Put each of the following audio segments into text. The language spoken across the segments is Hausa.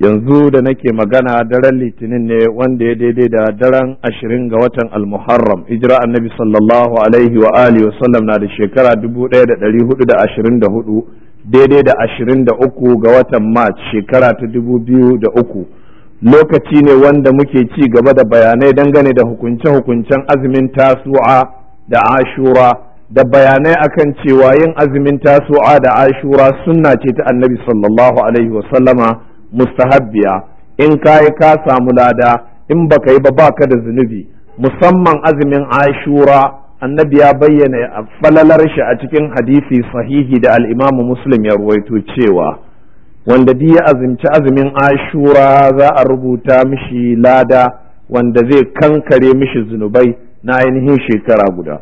yanzu da nake magana daren litinin ne wanda ya daidai da daren ashirin ga watan almuharram hijira annabi sallallahu alaihi wa alihi wa na da shekara dubu ɗaya da ɗari hudu da ashirin da hudu daidai da ashirin da uku ga watan march shekara ta dubu biyu da uku lokaci ne wanda muke ci gaba da bayanai dangane da hukunce-hukuncen azumin tasu'a da ashura da bayanai akan cewa yin azumin tasu'a da ashura sunna ce ta annabi sallallahu alaihi wa sallama mustahabbiya in kayi ka samu lada in baka yi ba baka da zunubi musamman azumin ashura annabi ya bayyana falalar shi a cikin hadisi sahihi da al-imam muslim ya ruwaito cewa wanda duk ya azumci azumin ashura za a rubuta mishi lada wanda zai kankare mishi zunubai na ainihin shekara guda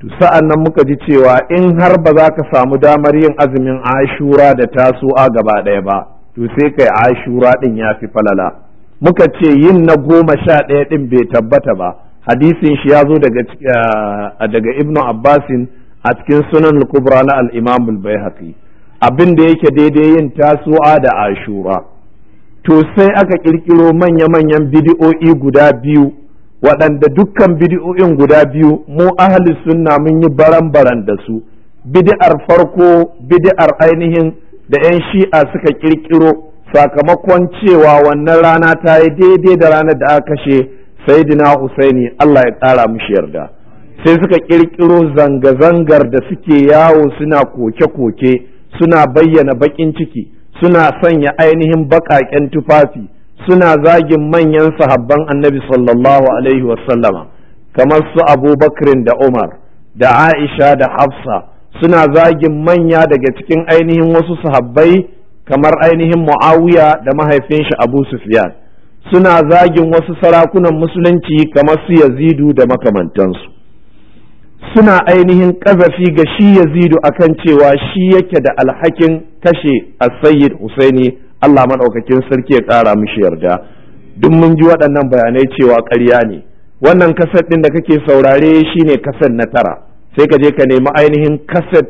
to sa'an muka ji cewa in har ba za ka samu damar yin azumin ashura da a gaba ɗaya ba to sai kai ashura din ya fi falala muka ce yin na goma sha ɗaya din bai tabbata ba hadisin shi ya zo daga ibnu abbasin a cikin sunan kubra na al-imam al abin da yake daidai yin tasu'a da ashura to sai aka ƙirƙiro manya-manyan bidi'o'i guda biyu waɗanda dukkan bidi'o'in guda biyu mu ahli sunna mun yi baran-baran da su bid'ar farko bidiyar ainihin da 'yan shi'a suka kirkiro sakamakon cewa wannan rana ta yi daidai da ranar da aka kashe saidina husaini Allah ya ƙara mushi yarda sai suka kirkiro zanga-zangar da suke yawo suna koke-koke suna bayyana baƙin ciki suna sanya ainihin baƙaƙen tufafi suna zagin manyan sahabban annabi sallallahu alaihi wasallama kamar su abubakar da umar da aisha da hafsa suna zagin manya daga cikin ainihin wasu sahabbai kamar ainihin muawiya da mahaifin shi abu sufyan suna zagin wasu sarakunan musulunci kamar su yazidu da makamantansu suna ainihin ƙazafi ga shi yazidu akan cewa shi yake da alhakin kashe asayid husaini allah maɗaukakin sarki ya ƙara mishi yarda duk mun ji waɗannan bayanai cewa ƙarya ne wannan kasar ɗin da kake saurare shine kasar na tara sai ka je ka nemi ainihin kaset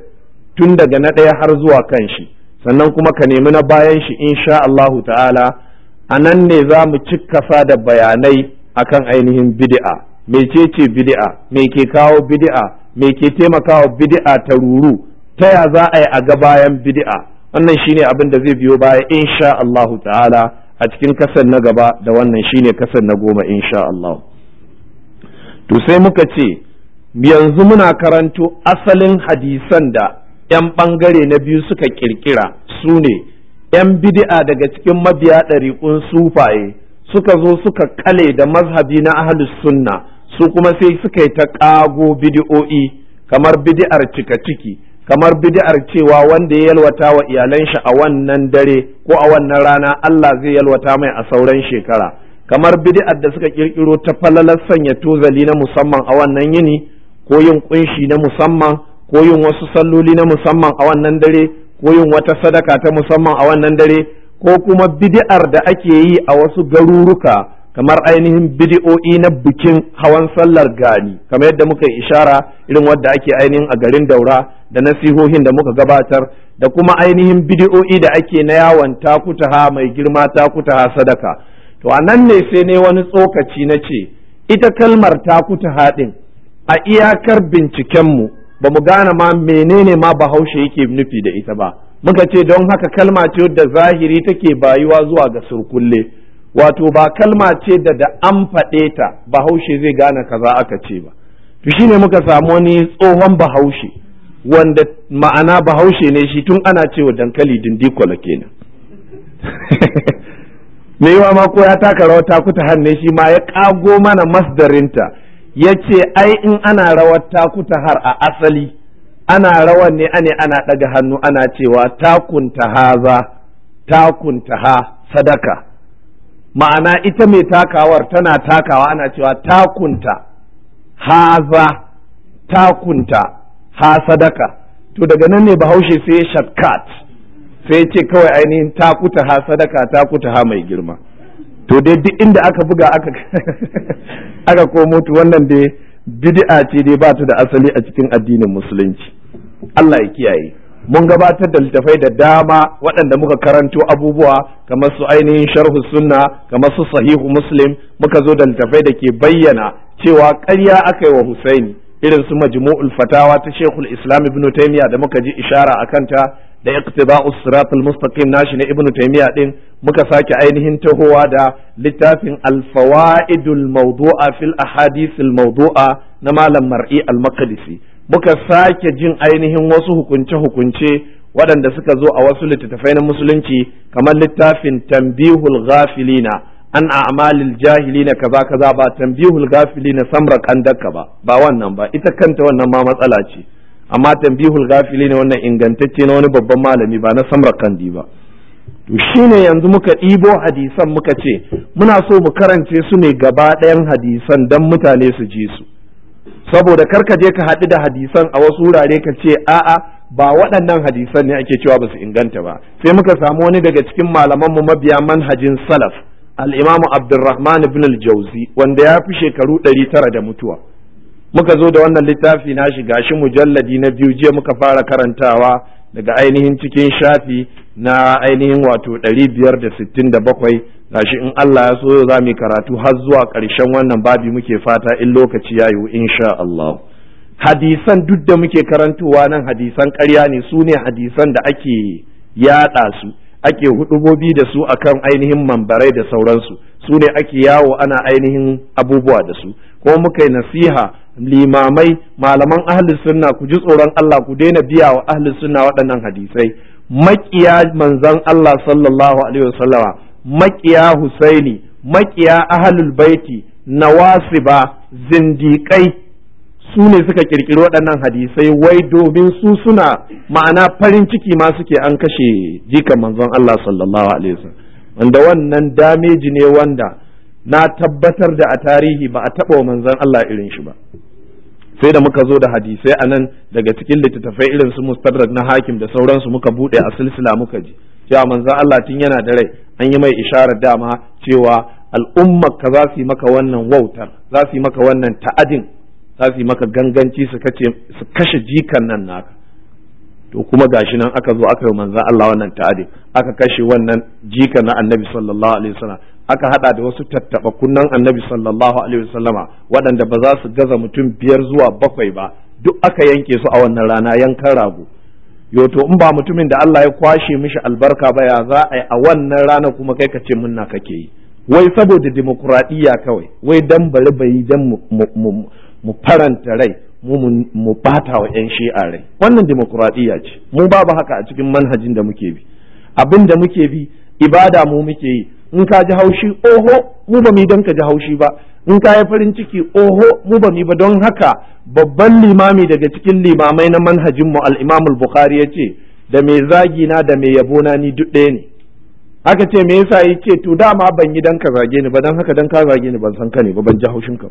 tun daga na ɗaya har zuwa kan shi sannan kuma ka nemi na bayan shi insha Allahu ta'ala a nan ne za mu ci kasa da bayanai akan ainihin bid'a mecece bid'a me ke kawo bid'a me ke taimakawa bid'a ta ruru ta ya za a yi a ga bayan bid'a wannan shine abin da zai biyo baya insha Allahu ta'ala a cikin kasar na gaba da wannan shine kasar na goma insha Allah to sai muka ce yanzu muna karanto asalin hadisan da 'yan ɓangare na biyu suka ƙirƙira su ne 'yan bidi'a daga cikin mabiya ɗariƙun sufaye suka zo suka kale da mazhabi na ahalus sunna su kuma sai suka yi ta ƙago bidi'o'i, kamar bidi'ar cika ciki kamar bidi'ar cewa wanda ya yalwata wa iyalan shi a wannan dare ko a wannan rana Allah zai yalwata mai a sauran shekara kamar bid'ar da suka ƙirƙiro ta falalar sanya tozali na musamman a wannan yini ko yin kunshi na musamman ko yin wasu salloli na musamman a wannan dare ko yin wata sadaka ta musamman a wannan dare ko kuma bid'ar da ake yi a wasu garuruka kamar ainihin bidi'o'i na bikin hawan sallar gani kamar yadda muka ishara irin wadda ake ainihin a garin daura da nasihohin da muka gabatar da kuma ainihin bidi'o'i da ake na yawon takutaha mai girma takutaha sadaka to a nan ne sai ne wani tsokaci na ce ita kalmar takutaha din a iyakar bincikenmu ba mu gane ma menene ma bahaushe yake nufi da ita ba muka ce don haka kalma ce da zahiri take bayuwa zuwa ga surkulle wato ba kalma ce da da an faɗe ta bahaushe zai gane kaza aka ce ba to shine muka samu wani tsohon bahaushe wanda ma'ana bahaushe ne shi tun ana cewa dankali dindikola kenan me yawa ma ko ya taka rawa ta kuta hanne shi ma ya kago mana masdarinta ya ce ai in ana rawar takuta har a asali ana rawar ne ane ana ɗaga hannu ana cewa takun haza, takun ha, sadaka ma'ana ita mai takawar tana takawa ana cewa takunta haza takunta ha sadaka to daga nan ne bahaushe sai shortcut sai ce kawai ainihin takuta ha sadaka takuta ha mai girma to dai duk inda aka buga aka aka komo to wannan dai bid'a ce dai ba ta da asali a cikin addinin musulunci Allah ya kiyaye mun gabatar da littafai da dama waɗanda muka karanto abubuwa kamar su ainihin sharhu sunna kamar su sahihu muslim muka zo da littafai da ke bayyana cewa ƙarya aka yi wa husaini irin su majmu'ul fatawa ta shekul islam ibn taymiya da muka ji ishara a kanta da iqtiba'u siratal mustaqim nashi na ibnu taymiya din muka sake ainihin tahowa da littafin al-fawaidul mawdu'a fil ahadisil, mawdu'a na malam mar'i al-maqdisi muka sake jin ainihin wasu hukunce hukunce waɗanda suka zo a wasu littattafai na musulunci kamar littafin tambihul ghafilina an a'malil jahilina kaza kaza ba tambihul ghafilina samra kandaka ba ba wannan ba ita kanta wannan ma matsala ce amma tambihul gafili ne wannan ingantacce na wani babban malami ba na samarkandi ba to shine yanzu muka ɗibo hadisan muka ce muna so mu karance su ne gaba ɗayan hadisan don mutane su ji su saboda karka je ka haɗu da hadisan a wasu wurare ka ce a'a ba waɗannan hadisan ne ake cewa ba su inganta ba sai muka samu wani daga cikin malamanmu mabiya manhajin salaf al-imamu abdurrahman ibn al-jauzi wanda ya fi shekaru ɗari tara da mutuwa muka zo da wannan littafi na shi gashi mujalladi na biyu jiya muka fara karantawa daga ainihin cikin shafi na ainihin wato ɗari biyar da sittin da bakwai gashi in Allah ya so za mu karatu har zuwa ƙarshen wannan babi muke fata in lokaci ya yiwu insha Allah hadisan duk da muke karantowa nan hadisan ƙarya ne su ne hadisan da ake yaɗa su ake hudubobi da su akan ainihin mambarai da sauransu su ne ake yawo ana ainihin abubuwa da su ko muka yi nasiha limamai malaman ahli sunna ku ji tsoron Allah ku daina biya wa ahli sunna waɗannan hadisai maƙiya manzon Allah sallallahu alaihi wasallama maƙiya Husaini maƙiya ahlul baiti nawasiba zindiƙai su ne suka kirkiri waɗannan hadisai wai domin su suna ma'ana farin ciki ma suke an kashe jikan manzon Allah sallallahu alaihi wasallam wanda wannan dameji ne wanda na tabbatar da a tarihi ba a taɓa manzon Allah irin shi ba sai da muka zo da hadisai a nan daga cikin littattafai irin su mustadrak na hakim da sauransu muka buɗe a silsila muka ji cewa manzon Allah tun yana da rai an yi mai isharar dama cewa al'ummar ka za su yi maka wannan wautar za su yi maka wannan ta'adin za su yi maka ganganci su kashe jikan nan naka to kuma gashi nan aka zo aka yi manzan Allah wannan ta'adin, aka kashe wannan jikan na annabi sallallahu alaihi wasallam aka hada da wasu tattaba kunnan annabi sallallahu alaihi wasallama waɗanda ba za su gaza mutum biyar zuwa bakwai ba duk aka yanke su a wannan rana yankan rago yoto in ba mutumin da Allah ya kwashe mishi albarka ba ya za a yi a wannan rana kuma kai ka ce munna kake yi wai saboda demokuraɗiyya kawai wai dan bari bai dan mu faranta rai mu bata wa 'yan shi'a rai wannan demokuraɗiyya ce mu babu haka a cikin manhajin da muke bi abin da muke bi ibada mu muke yi in ka ji haushi oho mu ba mu don ka ji haushi ba in ka yi farin ciki oho mu ba mu ba don haka babban limami daga cikin limamai na manhajin mu al-Imam al-Bukhari ce da me zagi na da me yabo na ni duk ɗaya ne Haka ce me yasa yake to dama ban yi dan ka zage ni ba dan haka dan ka zage ni ban san ka ne ba ban ji haushin ka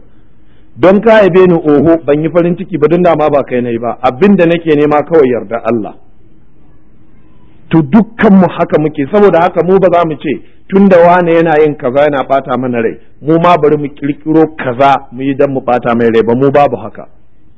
don ka yabe ni oho ban yi farin ciki ba don dama ba kai nayi ba abinda nake nema kawai yarda Allah to dukkanmu haka muke saboda haka mu ba za mu ce tun da wane yana yin kaza yana bata mana rai mu ma bari mu kirkiro kaza mu yi dan mu bata mai rai ba mu babu haka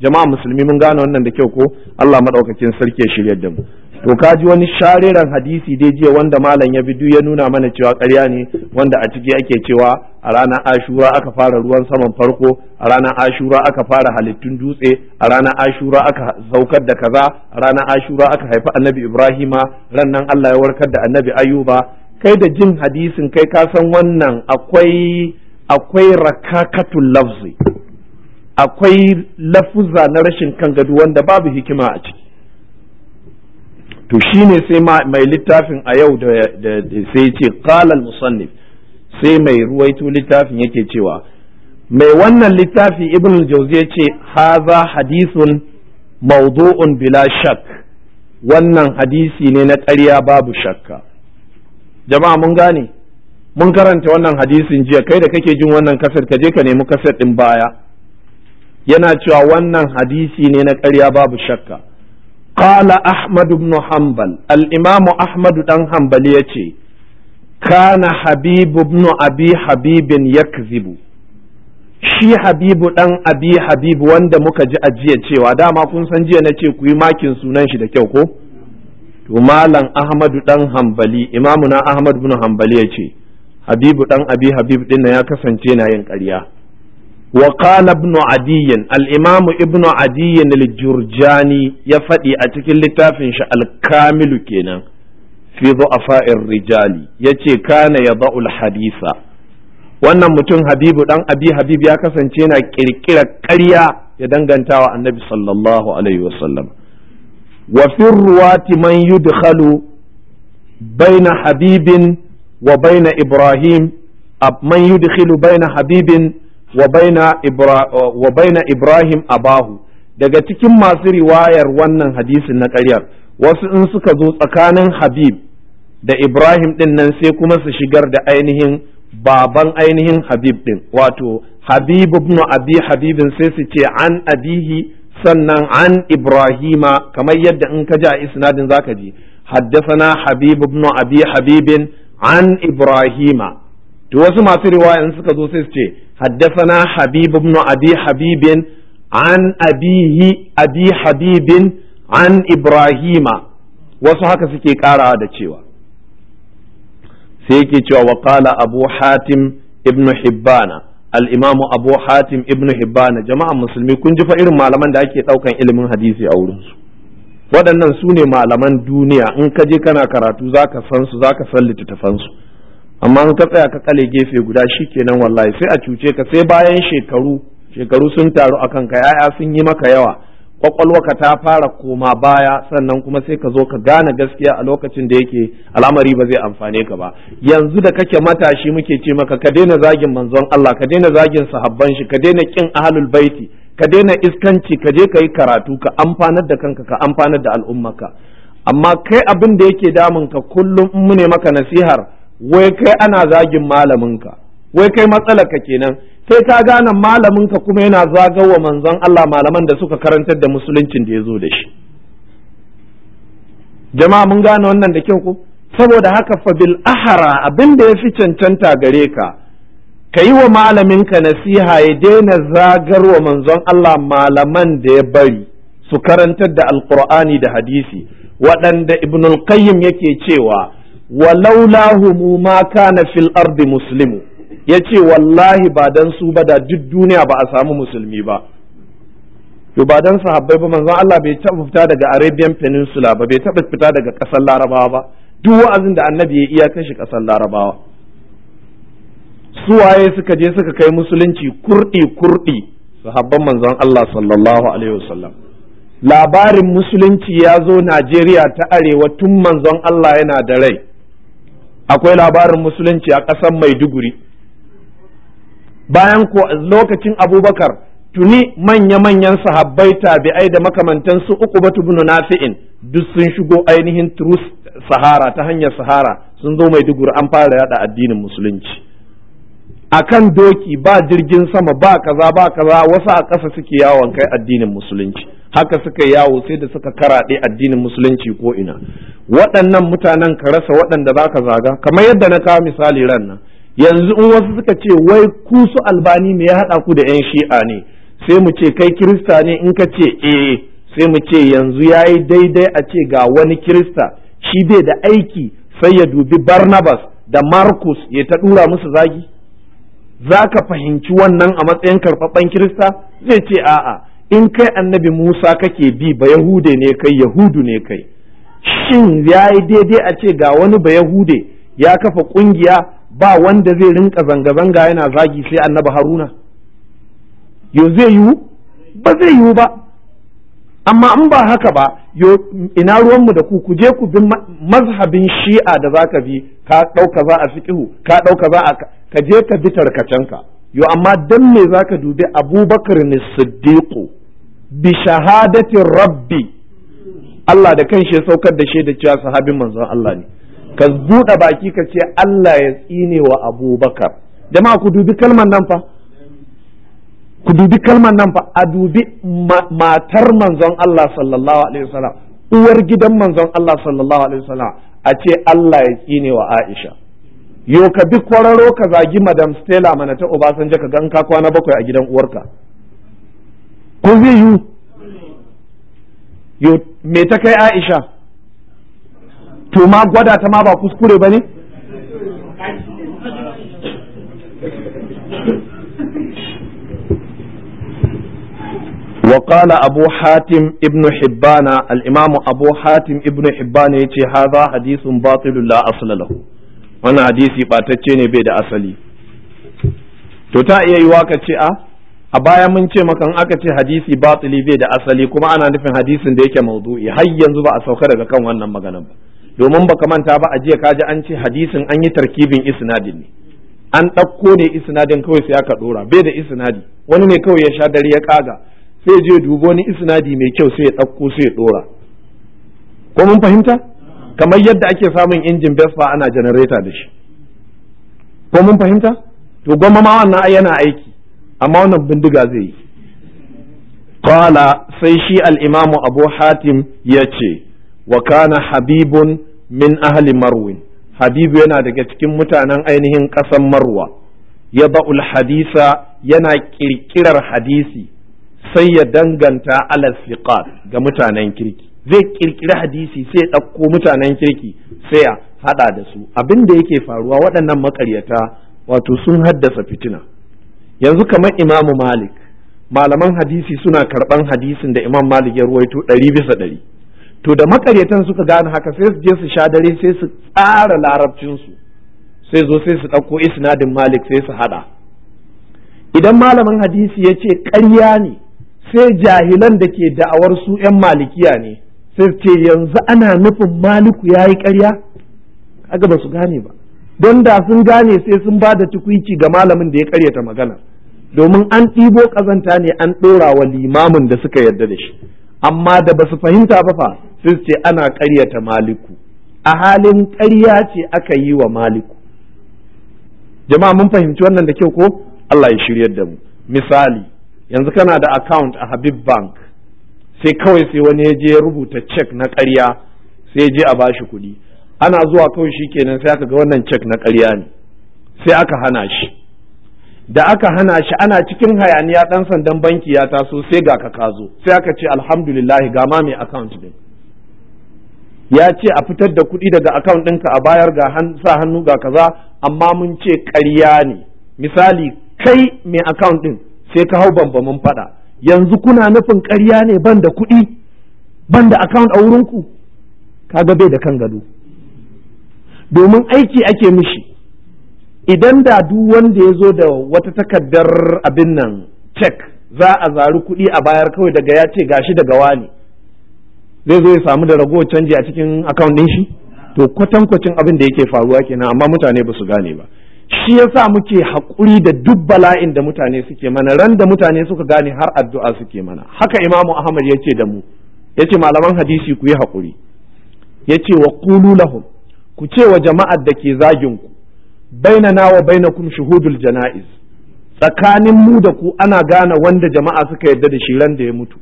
jama'a musulmi mun gane wannan da kyau ko Allah madaukakin sarki ya shirya da mu to ka ji wani shariran hadisi dai jiya wanda malam ya bidu ya nuna mana cewa ƙarya ne wanda a ciki ake cewa a ranar ashura aka fara ruwan saman farko a ranar ashura aka fara halittun dutse a ranar ashura aka saukar da kaza a ranar ashura aka haifi annabi ibrahima rannan nan Allah ya warkar da annabi ayuba kai da jin hadisin kai ka san wannan akwai akwai rakakatul lafzi akwai lafuza na rashin kan gado wanda babu hikima a ciki to shine sai mai littafin a yau da sai ce qalal musannif sai mai ruwaito littafin yake cewa mai wannan littafi ibn jauzi yace haza hadisun mawdu'un bila shak wannan hadisi ne na ƙarya babu shakka jama'a mun gane mun karanta wannan hadisin jiya kai da kake jin wannan kasar ka je ka nemi kasar ɗin baya yana cewa wannan hadisi ne na ƙarya babu shakka qala ahmad ibn hanbal al-imamu ahmad dan hanbali yace kana habib ibn abi habibin yakzibu shi habibu dan abi habibu wanda muka ji a jiya cewa dama kun san jiya nace ce ku yi makin sunan shi da kyau ko to malam ahmadu dan hanbali imamu na ahmad ibn hanbali yace habibu dan abi habib din ya kasance na yin ƙarya وقال ابن عدي الإمام ابن عدي الجرجاني يفدي أتكل لتافن الكامل كنا في ضعفاء الرجال يتي كان يضع الحديث wannan mutum habibu dan abi habib ya kasance yana kirkira ƙarya ya dangantawa annabi sallallahu alaihi wasallam wa fi ruwati man yudkhalu baina habibin wa baina ibrahim Ab man yudkhilu baina habibin wa baina Ibrahim abahu daga cikin masu riwayar wannan hadisin na karyar wasu in suka zo tsakanin Habib da Ibrahim ɗin nan sai kuma su shigar da ainihin baban ainihin Habib ɗin wato Habib ibn Abi Habibin sai su ce an abihi sannan an Ibrahima kamar yadda in ka ji a isnadin zaka ji haddasa na Habibu bin Abi Habibin an Ibrahima. to wasu masu riwaya in suka zo sai su ce haddathana habib ibn abi habibin an abihi abi habibin an ibrahima wasu haka suke karawa da cewa sai yake cewa wa qala abu hatim ibn hibbana al-imamu abu hatim ibn hibbana jama'an musulmi kun ji fa irin malaman da ake daukan ilimin hadisi a wurin su waɗannan su ne malaman duniya in ka je kana karatu za ka san su za ka san littattafan su amma in ka tsaya ka kale gefe guda shi kenan wallahi sai a cuce ka sai bayan shekaru shekaru sun taru akan ka ya'ya sun yi maka yawa kwakwalwaka ta fara koma baya sannan kuma sai ka zo ka gane gaskiya a lokacin da yake al'amari ba zai amfane ka ba yanzu da kake matashi muke ce maka ka daina zagin manzon Allah ka daina zagin sahabban shi ka daina kin ahlul baiti ka daina iskanci ka je ka yi karatu ka amfanar da kanka ka amfanar da al'ummarka amma kai abin da yake damun ka kullum in mune maka nasihar wai kai ana zagin malaminka wai kai ka kenan sai ka gane malaminka kuma yana zagawa manzon Allah malaman da suka karantar da musuluncin da ya zo da shi jama'a mun gane wannan da kyau ko saboda haka fa bil ahara abin da ya fi cancanta gare ka ka yi wa malaminka nasiha ya daina zagarwa manzon Allah malaman da ya bari su karantar da alkur'ani da hadisi waɗanda ibnul qayyim yake cewa walaulahu humu ma kana fil ardi muslimu yace wallahi ba dan su ba da duk duniya ba a samu musulmi ba to ba dan sahabbai ba manzon Allah bai taba fita daga Arabian Peninsula ba bai taba fita daga kasar Larabawa ba duk wa'azin da annabi ya iya kashi ƙasar Larabawa waye suka je suka kai musulunci kurdi kurdi sahabban manzon Allah sallallahu alaihi wasallam labarin musulunci ya zo Najeriya ta arewa tun manzon Allah yana da rai akwai labarin musulunci a ƙasar maiduguri bayan ko lokacin abubakar tuni manya-manyan sahabbai tabi'ai da makamantansu uku batu bin nafi'in duk sun shigo ainihin turus sahara ta hanyar sahara sun zo maiduguri an fara yada addinin musulunci akan doki ba jirgin sama ba kaza ba kaza wasu a ƙasa suke yawon kai addinin musulunci haka suka yawo sai da suka karaɗe addinin musulunci ko ina waɗannan mutanen ka rasa waɗanda za ka zaga kamar yadda na kawo misali ran nan yanzu in wasu suka ce wai ku su albani me ya haɗa ku da 'yan shi'a ne sai mu ce kai kirista ne in ka ce eh sai mu ce yanzu ya yi daidai a ce ga wani kirista shi bai da aiki sai ya dubi barnabas da markus ya ta ɗura musu zagi za ka fahimci wannan a matsayin karɓaɓɓen kirista zai ce a'a in kai annabi Musa kake bi ba Yahude ne kai Yahudu ne kai shin ya yi daidai a ce ga wani ba Yahude ya kafa kungiya ba wanda zai rinka zanga-zanga yana zagi sai annabi Haruna yo zai yiwu ba zai yiwu ba amma in ba haka ba yo ina ruwanmu da ku ku je ku bi mazhabin shi'a da zaka bi ka ɗauka za a fiƙihu ka ɗauka za a ka je ka bi tarkacenka yo amma dan me zaka dubi abubakar ne siddiqu bi shahadati rabbi Allah da kanshi shi saukar da shaida cewa sahabin manzon Allah ne ka buɗe baki ka ce Allah ya tsine wa abubakar jama'a ku dubi kalmar nan fa ku dubi kalmar nan fa a dubi matar manzon Allah sallallahu alaihi wasallam uwar gidan manzon Allah sallallahu alaihi wasallam a ce Allah ya tsine wa Aisha yo ka bi kwararo ka zagi madam stella mana ta obasanjo ka gan ka kwana bakwai a gidan uwarka ko zai yi yo me ta kai aisha to ma gwada ta ma ba kuskure ba ne وقال أبو حاتم ابن حبان الإمام أبو حاتم ابن حبان يتي هذا حديث باطل لا أصل له wannan hadisi batacce ne bai da asali to ta iya yiwa ka ce a ah, a baya mun ce maka aka ce hadisi batili bai da asali kuma ana nufin hadisin da yake maudu'i har yanzu ba a sauka daga kan wannan magana ba domin baka manta ba a jiya kaji an ce hadisin an yi tarkibin isnadin ne an ɗauko ne isnadin kawai sai aka ɗora bai da isnadi wani ne kawai ya sha dare ya kaga sai je dubo wani isnadi mai kyau sai ya ɗauko sai ya ɗora ko mun fahimta kamar yadda ake samun injin Vespa ana janareta da shi ko mun fahimta to goma ma wannan ai yana aiki amma wannan bindiga zai yi qala sai shi al-imam Abu Hatim yace wa kana habibun min ahli marwin habibu yana daga cikin mutanen ainihin ƙasan marwa ya ba'ul hadisa yana ƙirƙirar hadisi sai ya danganta alal siqat ga mutanen kirki zai kirkiri hadisi sai ya ɗauko mutanen kirki sai ya haɗa da su abin da yake faruwa waɗannan makaryata wato sun haddasa fitina yanzu kamar imamu malik malaman hadisi suna karɓan hadisin da imam malik ya ruwaito ɗari bisa ɗari to da makaryatan suka gane haka sai su je su sha dare sai su tsara larabcinsu sai zo sai su ɗauko isnadin malik sai su haɗa idan malamin hadisi ya ce ƙarya ne sai jahilan da ke da'awar su 'yan malikiya ne sai ce yanzu ana nufin maliku ya yi ƙarya kaga ba su gane ba don da sun gane sai sun ba da tukwici ga malamin da ya ƙaryata magana domin an ɗibo ƙazanta ne an ɗora wa limamin da suka yarda da shi amma da ba su fahimta ba fa sai ce ana ƙaryata maliku a halin ƙarya ce aka yi wa maliku jama'a mun fahimci wannan da kyau ko Allah ya shiryar da mu misali yanzu kana da account a Habib Bank sai kawai sai wani ya je rubuta cek na ƙarya sai ya je a bashi kuɗi ana zuwa kawai shi kenan sai aka ga wannan cek na ƙarya ne sai aka hana shi da aka hana shi ana cikin hayaniya ɗan sandan banki ya taso sai ga ka kazo sai aka ce alhamdulillah ga ma mai account din ya ce a fitar da kuɗi daga account ɗinka a bayar ga sa hannu ga kaza amma mun ce ƙarya ne misali kai mai account ɗin sai ka hau bambamin faɗa yanzu kuna nufin ƙarya ne ban da kuɗi ban da account a wurinku kaga bai da kan gado domin aiki ake mishi idan da duk wanda ya zo da wata takardar abin nan cek za a zari kuɗi a bayar kawai daga ya ce gashi daga wani zai zo ya samu da ragowar canji a cikin account ɗin shi to kwatankwacin abin da yake faruwa kenan amma mutane ba su gane ba shi yasa muke haƙuri da duk bala'in da mutane suke mana ran da mutane suka gane har addu'a suke mana haka imamu ahmad yace da mu yace malaman hadisi ku yi haƙuri yace wa qulu lahum ku ce wa jama'ar da ke zagin ku bainana wa bainakum shuhudul jana'iz tsakanin mu da ku ana gane wanda jama'a suka yarda da shi ran da ya mutu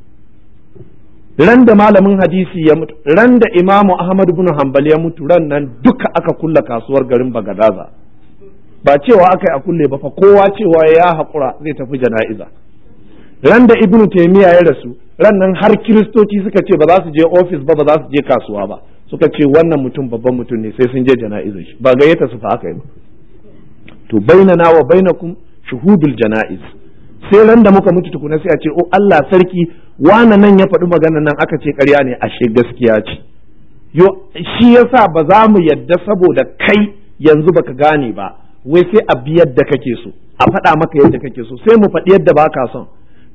ran da malamin hadisi ya mutu ran da imamu ahmad bin hanbal ya mutu ran nan duka aka kulla kasuwar garin bagadaza ba cewa aka yi a kulle ba fa kowa cewa ya haƙura zai tafi jana'iza ran da ibnu taymiya ya rasu ran nan har kiristoci suka ce ba za su je ofis ba ba za su je kasuwa ba suka ce wannan mutum babban mutum ne sai sun je jana'izar shi ba gayyata su fa aka yi ba to bainana wa bainakum shuhudul jana'iz sai ran da muka mutu tukuna sai a ce o Allah sarki wana nan ya faɗi magana nan aka ce ƙarya ne ashe gaskiya ce yo shi yasa ba za mu yadda saboda kai yanzu baka gane ba wai sai a bi yadda kake so a faɗa maka yadda kake so sai mu faɗi yadda ba ka son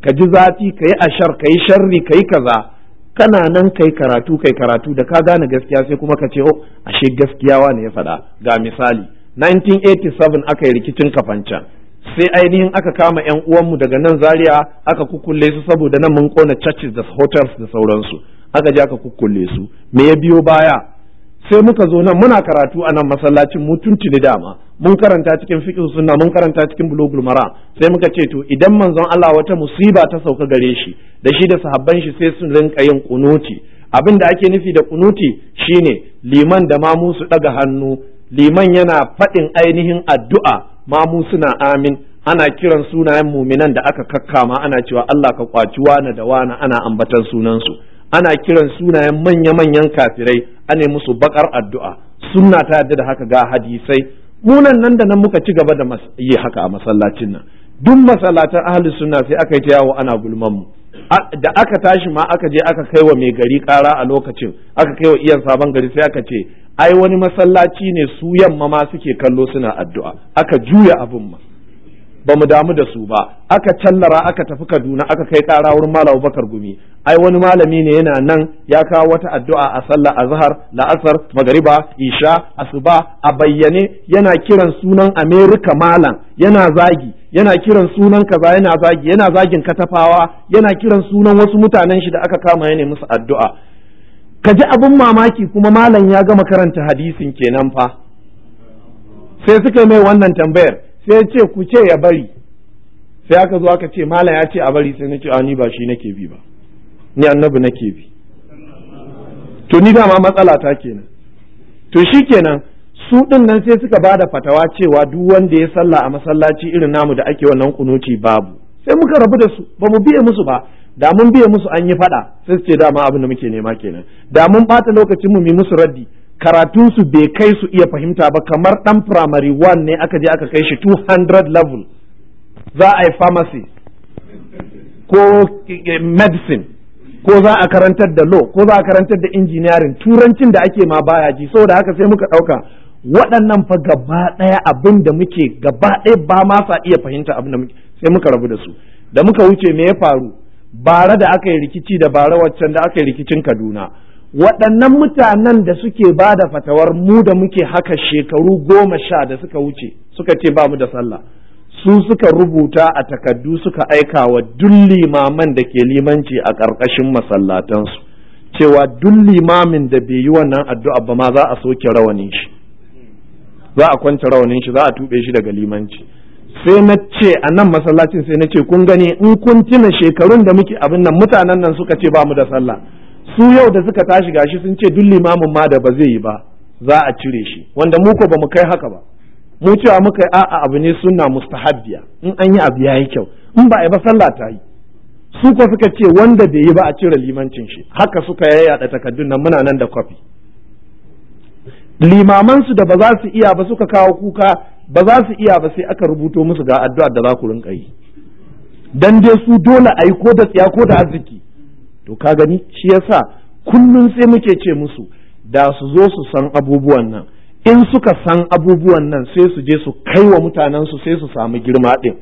ka ji zafi ka yi ashar ka yi sharri ka yi kaza kana nan ka yi karatu kai karatu da ka gane gaskiya sai kuma ka ce oh ashe gaskiya wane ya faɗa ga misali 1987 aka yi rikicin kafancan sai ainihin aka kama yan uwanmu daga nan zaria aka kukulle su saboda nan mun kona churches da hotels da sauransu aka je aka kukulle su me ya biyo baya sai muka zo nan muna karatu a nan masallacin mutunci tuntuni dama mun karanta cikin fiqh sunna mun karanta cikin bulugul mara sai muka ce to idan manzon Allah wata musiba ta sauka gare shi da shi da sahabban shi sai su rinka yin kunuti abin da ake nufi da kunuti shine liman da mamu su daga hannu liman yana faɗin ainihin addu'a mamu suna amin ana kiran sunayen muminan da aka kakkama ana cewa Allah ka kwaci wani da wani ana ambatan sunansu ana kiran sunayen manya-manyan kafirai ne musu bakar addu'a sunna ta yadda da haka ga hadisai munan nan da nan muka ci gaba da yi haka a masallacin nan duk masallatan ahli sunna sai aka yi ta yawo ana gulman mu da aka tashi ma aka je aka kai wa mai gari kara a lokacin aka kai wa iyan sabon gari sai aka ce ai wani masallaci ne su yamma ma suke kallo suna addu'a aka juya abin ma ba mu damu da su ba aka tallara aka tafi kaduna aka kai kara wurin malam abubakar gumi ai wani malami ne yana nan ya kawo wata addu'a a sallah azhar la'asar magariba isha asuba a bayyane yana kiran sunan america malam yana zagi yana kiran sunan kaza yana zagi yana zagin katafawa yana kiran sunan wasu mutanen shi da aka kama yana musu addu'a ka ji abin mamaki kuma malam ya gama karanta hadisin kenan fa sai suka mai wannan tambayar sai ce ku ce ya bari sai aka zo aka ce malam ya ce a bari sai na ce ni ba shi nake bi ba ni annabi nake bi to ni dama matsala ta kenan to shi kenan su ɗinnan nan sai suka ba da fatawa cewa duk wanda ya sallah a masallaci irin namu da ake wannan kunuci babu sai muka rabu da su ba mu biye musu ba da mun biye musu an yi faɗa sai su ce dama abin da muke nema kenan da mun bata lokacin mu mu musu raddi karatunsu bai kai su iya fahimta ba kamar ɗan firamare one ne aka je aka kai shi 200 level za a yi pharmacy ko eh, medicine ko za a karantar da law ko za a karantar da engineering turancin da ake ma baya ji saboda haka sai muka ɗauka waɗannan fa gaba ɗaya abin da muke gaba ɗaya ba ma sa iya fahimta abin da muke sai muka rabu da su da muka wuce me ya faru bara da aka yi rikici da bara waccan da aka yi rikicin kaduna waɗannan mutanen da suke ba da fatawar mu da muke haka shekaru goma sha da suka wuce suka ce ba mu da sallah su suka rubuta a takaddu suka aika wa duk limaman da ke limanci a ƙarƙashin masallatansu cewa duk limamin da bai yi wannan addu'a ba ma za a soke rawanin shi za a kwance rawanin shi za a tuɓe shi daga limanci sai na ce a nan masallacin sai na ce kun gani in kun tuna shekarun da muke abin nan mutanen nan suka ce ba mu da sallah su yau da suka tashi gashi sun ce duk limamin ma da ba zai yi ba za a cire shi wanda mu ko bamu kai haka ba mu cewa muka a'a abu ne sunna mustahabbiya in an yi abu yayi kyau in ba a ba sallah ta yi su ko suka ce wanda bai yi ba a cire limancin shi haka suka yayyada takaddun nan muna nan da kwafi limaman su da ba za su iya ba suka kawo kuka ba za su iya ba sai aka rubuto musu ga addu'ar da za ku rinka yi dan dai su dole a yi ko da tsiya ko da arziki to ka gani shi yasa kullum sai muke ce musu da su zo su san abubuwan nan in suka san abubuwan nan sai su je su kai wa mutanen su sai su samu girma din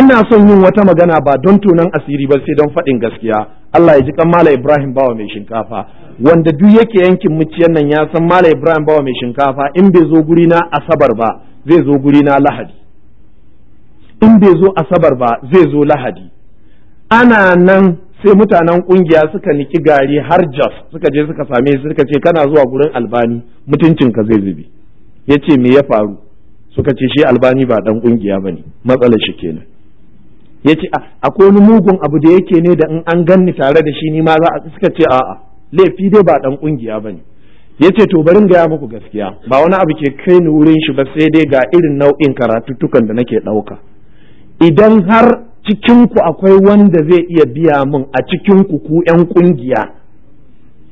ina son yin wata magana ba don tunan asiri ba sai don faɗin gaskiya Allah ya ji kan Malam Ibrahim bawa mai shinkafa wanda duk yake yankin muciyan nan ya san Malam Ibrahim bawa mai shinkafa in bai zo guri na asabar ba zai zo guri na lahadi in bai zo asabar ba zai zo lahadi ana nan sai mutanen kungiya suka niki gari har jos suka je suka same shi suka ce kana zuwa gurin albani mutuncinka zai zubi ya ce me ya faru suka ce shi albani ba dan kungiya ba ne matsalar shi kenan ya ce akwai wani mugun abu da yake ne da in an ganni tare da shi ni ma za a suka ce a'a laifi dai ba dan kungiya ba ne ya ce to barin gaya muku gaskiya ba wani abu ke kai ni wurin shi ba sai dai ga irin nau'in karatuttukan da nake ɗauka idan har cikinku akwai wanda zai iya biya min a cikinku ku 'yan ƙungiya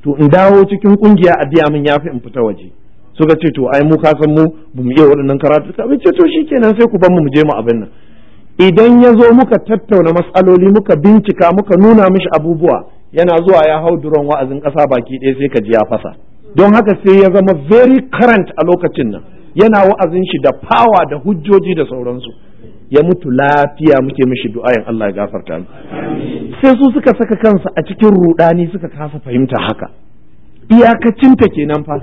to in dawo cikin ƙungiya a biya min ya fi in fita waje suka ce to ai mu ka san mu ba mu iya waɗannan karatu ka ce to shikenan sai ku bar mu mu je mu abin nan idan ya zo muka tattauna matsaloli muka bincika muka nuna mishi abubuwa yana zuwa ya hau duron wa'azin ƙasa baki ɗaya sai ka ji ya fasa don haka sai ya zama very current a lokacin nan yana wa'azin shi da power da hujjoji da sauransu ya mutu lafiya muke mishi du'ayin Allah ya gafarta mu sai su suka saka kansu a cikin rudani suka kasa fahimta haka ta kenan fa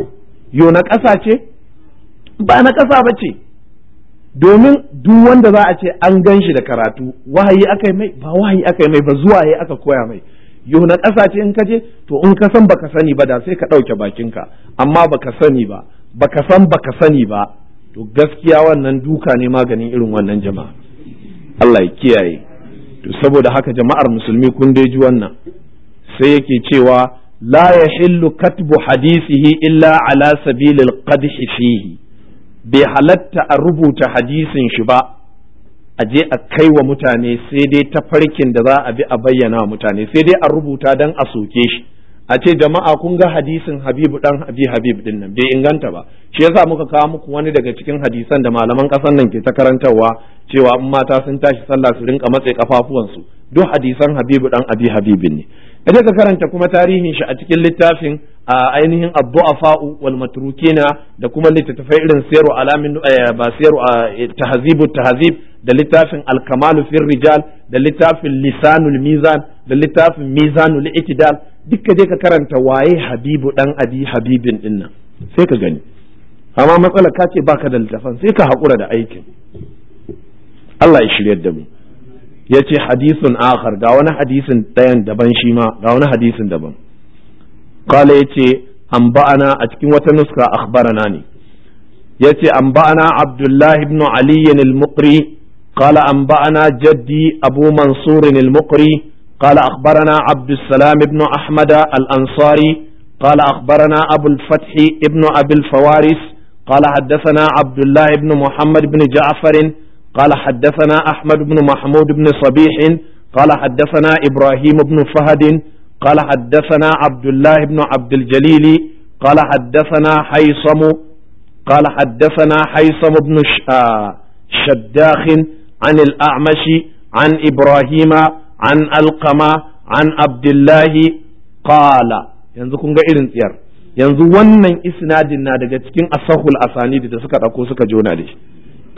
yo na ƙasa ce ba na ƙasa ba ce domin duk wanda za a ce an gan shi da karatu wahayi aka yi mai ba wahayi aka yi mai ba zuwa ya aka koya mai yo na ƙasa ce in ka je to in ka san baka sani ba da sai ka ɗauke bakinka amma baka sani ba baka san baka sani ba to gaskiya wannan duka ne maganin irin wannan jama'a Allah ya kiyaye to saboda haka jama'ar musulmi kun dai ji wannan sai yake cewa la ya yahillu katbu hadisihi illa ala sabilil qadhi fihi bai halatta a rubuta hadisin shi ba a je a kai wa mutane sai dai ta farkin da za a bi a bayyana wa mutane sai dai a rubuta dan a soke shi a ce jama'a kun ga hadisin habibu dan abi habib din nan bai inganta ba shi yasa muka kawo muku wani daga cikin hadisan da malaman kasan nan ke ta karantarwa cewa in mata sun tashi sallah su rinka matse kafafuwansu duk hadisan habibu dan abi habibin ne kaje ka karanta kuma tarihin shi a cikin littafin a ainihin afa'u wal matrukina da kuma littattafai irin sayarwa alamin eh, ba siyaru tahzibu tahzib da littafin alkamalu firrijal da littafin lisanul mizan da littafin mizanul itidal duk ka je ka karanta waye habibu dan abi habibin din nan sai ka gani amma matsala ka ce baka da littafan sai ka haƙura da aikin Allah ya shirya da mu ya ce hadisun akhar ga wani hadisin ɗayan daban shi ma ga wani hadisin daban kala ya ce an ba'ana a cikin wata nuska akhbarana ne ya ce an ba'ana abdullahi ibn aliyin al-muqri kala an ba'ana jaddi abu mansurin al-muqri قال أخبرنا عبد السلام بن أحمد الأنصاري قال أخبرنا أبو الفتح ابن أبي الفوارس قال حدثنا عبد الله بن محمد بن جعفر قال حدثنا أحمد بن محمود بن صبيح قال حدثنا إبراهيم بن فهد قال حدثنا عبد الله بن عبد الجليل قال حدثنا حيصم قال حدثنا حيصم بن آه، شداخ عن الأعمش عن إبراهيم an alqama an abdullahi qala yanzu kun ga irin tsiyar yanzu wannan isnadin na daga cikin asahul asanid da suka ɗauko suka jona da shi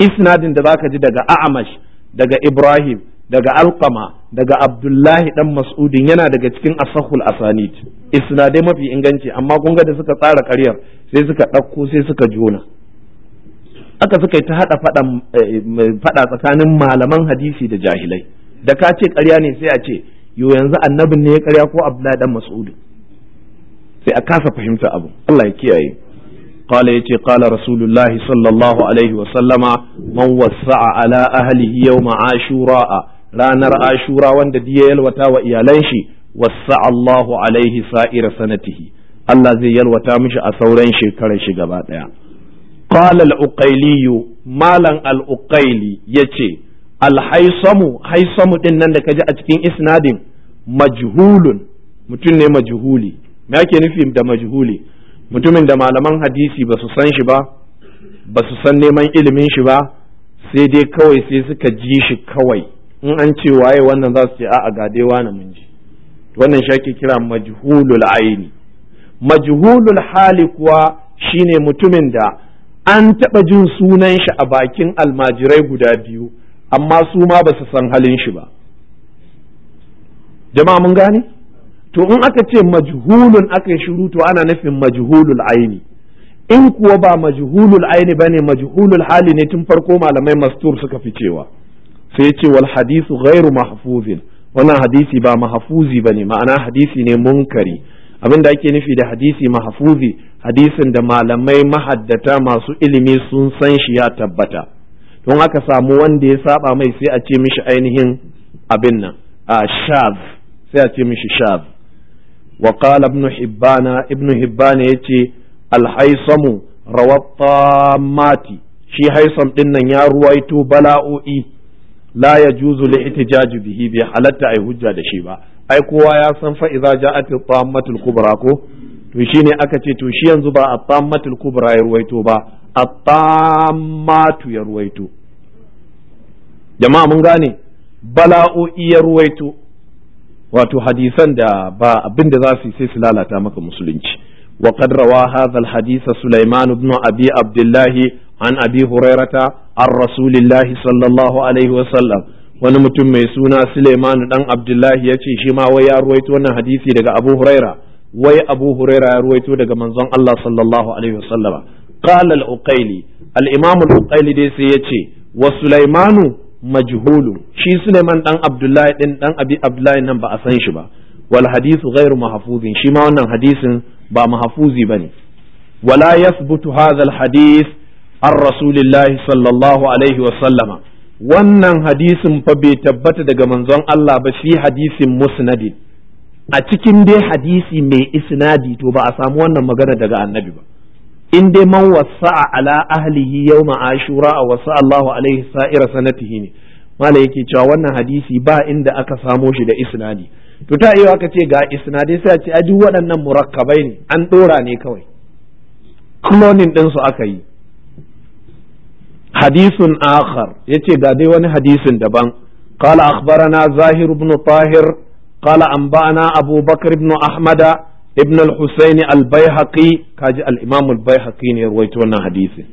isnadin da ka ji daga Amash, daga ibrahim daga alqama daga abdullahi dan mas'udin yana daga cikin asahul asanid isnadai mafi inganci amma kun ga da suka tsara ƙaryar sai suka ɗauko sai suka jona aka suka yi ta haɗa fada eh, eh, tsakanin malaman hadisi da jahilai da ka ce ƙarya ne sai a ce yo yanzu annabin ne ya ƙarya ko abdullahi dan mas'ud sai a kasa fahimta abu Allah ya kiyaye قال يتي قال رسول الله صلى الله عليه a من وسع على أهله يوم ranar ashura wanda diya yalwata wa iyalan shi wasa Allahu alaihi sa'ira sanatihi Allah zai yalwata mishi a sauran shekarar shi gaba daya qala al-uqayli malan al-uqayli yace alhaisamu haisamu din nan da kaji a cikin isnadin majhulun mutum ne majhuli me ake nufi da majhuli mutumin da malaman hadisi ba su san shi ba ba su san neman ilimin shi ba sai dai kawai sai suka ji shi kawai in an ce waye wannan za su ce a'a ga dai wani mun ji wannan shi kira majhulul aini majhulul hali kuwa shine mutumin da an taɓa jin sunan shi a bakin almajirai guda biyu amma su ma ba su san halin shi ba jama'a mun gane to in aka ce majhulun aka yi shiru to ana nufin majhulul aini in kuwa ba majhulul aini bane majhulul hali ne tun farko malamai mastur suka fi cewa sai ya ce wal hadisu ghairu mahfuzin wannan hadisi ba mahfuzi bane ma'ana hadisi ne munkari abin da ake nufi da hadisi mahfuzi hadisin da malamai mahaddata masu ilimi sun san shi ya tabbata don aka samu wanda ya saba mai sai a ce mishi ainihin abin nan a Shaz sai a ce mishi Shaz. wa qala ibn hibbana ibn hibbana yace al-haysamu mati. shi haisam din nan ya ruwaito bala'o'i la yajuzu lihtijaj bihi bi halatta ay hujja da shi ba ai kowa ya san fa idza ja'at tammatul kubra ko to shine aka ce to shi yanzu ba at-tammatul kubra ya ruwaito ba at-tammatu ya ruwaito jama'a mun gane bala'o'i ya ruwaito wato hadisan da ba abin da za su yi sai su lalata maka musulunci wa qad rawa hadha hadisa hadith Sulaiman ibn Abi Abdullah an Abi Hurairata an Rasulillahi sallallahu alaihi wa sallam wani mutum mai suna Suleiman dan Abdullahi ya ce shi ma wai ya ruwaito wannan hadisi daga Abu Huraira wai Abu Huraira ya ruwaito daga manzon Allah sallallahu alaihi sallama qala al-Uqayli al-Imam al-Uqayli dai sai ya ce wa Sulaimanu majhulu shi Suleiman dan Abdullahi din dan Abi Abdullahi nan ba a san shi ba wal hadithu ghairu mahfuzin shi ma wannan hadisin ba mahfuzi bane wala yathbutu hadha al hadith an rasulillahi sallallahu alaihi wa sallama wannan hadisin fa bai tabbata daga manzon Allah ba shi hadisin musnadin a cikin dai hadisi mai isnadi to ba a samu wannan magana daga annabi ba in dai man wasa'a ala ahlihi yawma ashura a wasu Allahu alaihi sa'ira sanatihi ne malai yake cewa wannan hadisi ba inda aka samo shi da isnadi to ta iya aka ce ga isnadi sai a ce a duk waɗannan murakkabai ne an ɗora ne kawai cloning ɗin su aka yi hadisun akhar yace ga dai wani hadisin daban qala akhbarana zahir ibn tahir qala anba'ana abu bakr ibn ahmada ibn al-husayn al-baihaqi kaji al-imam al-baihaqi ne ruwaito wannan hadisi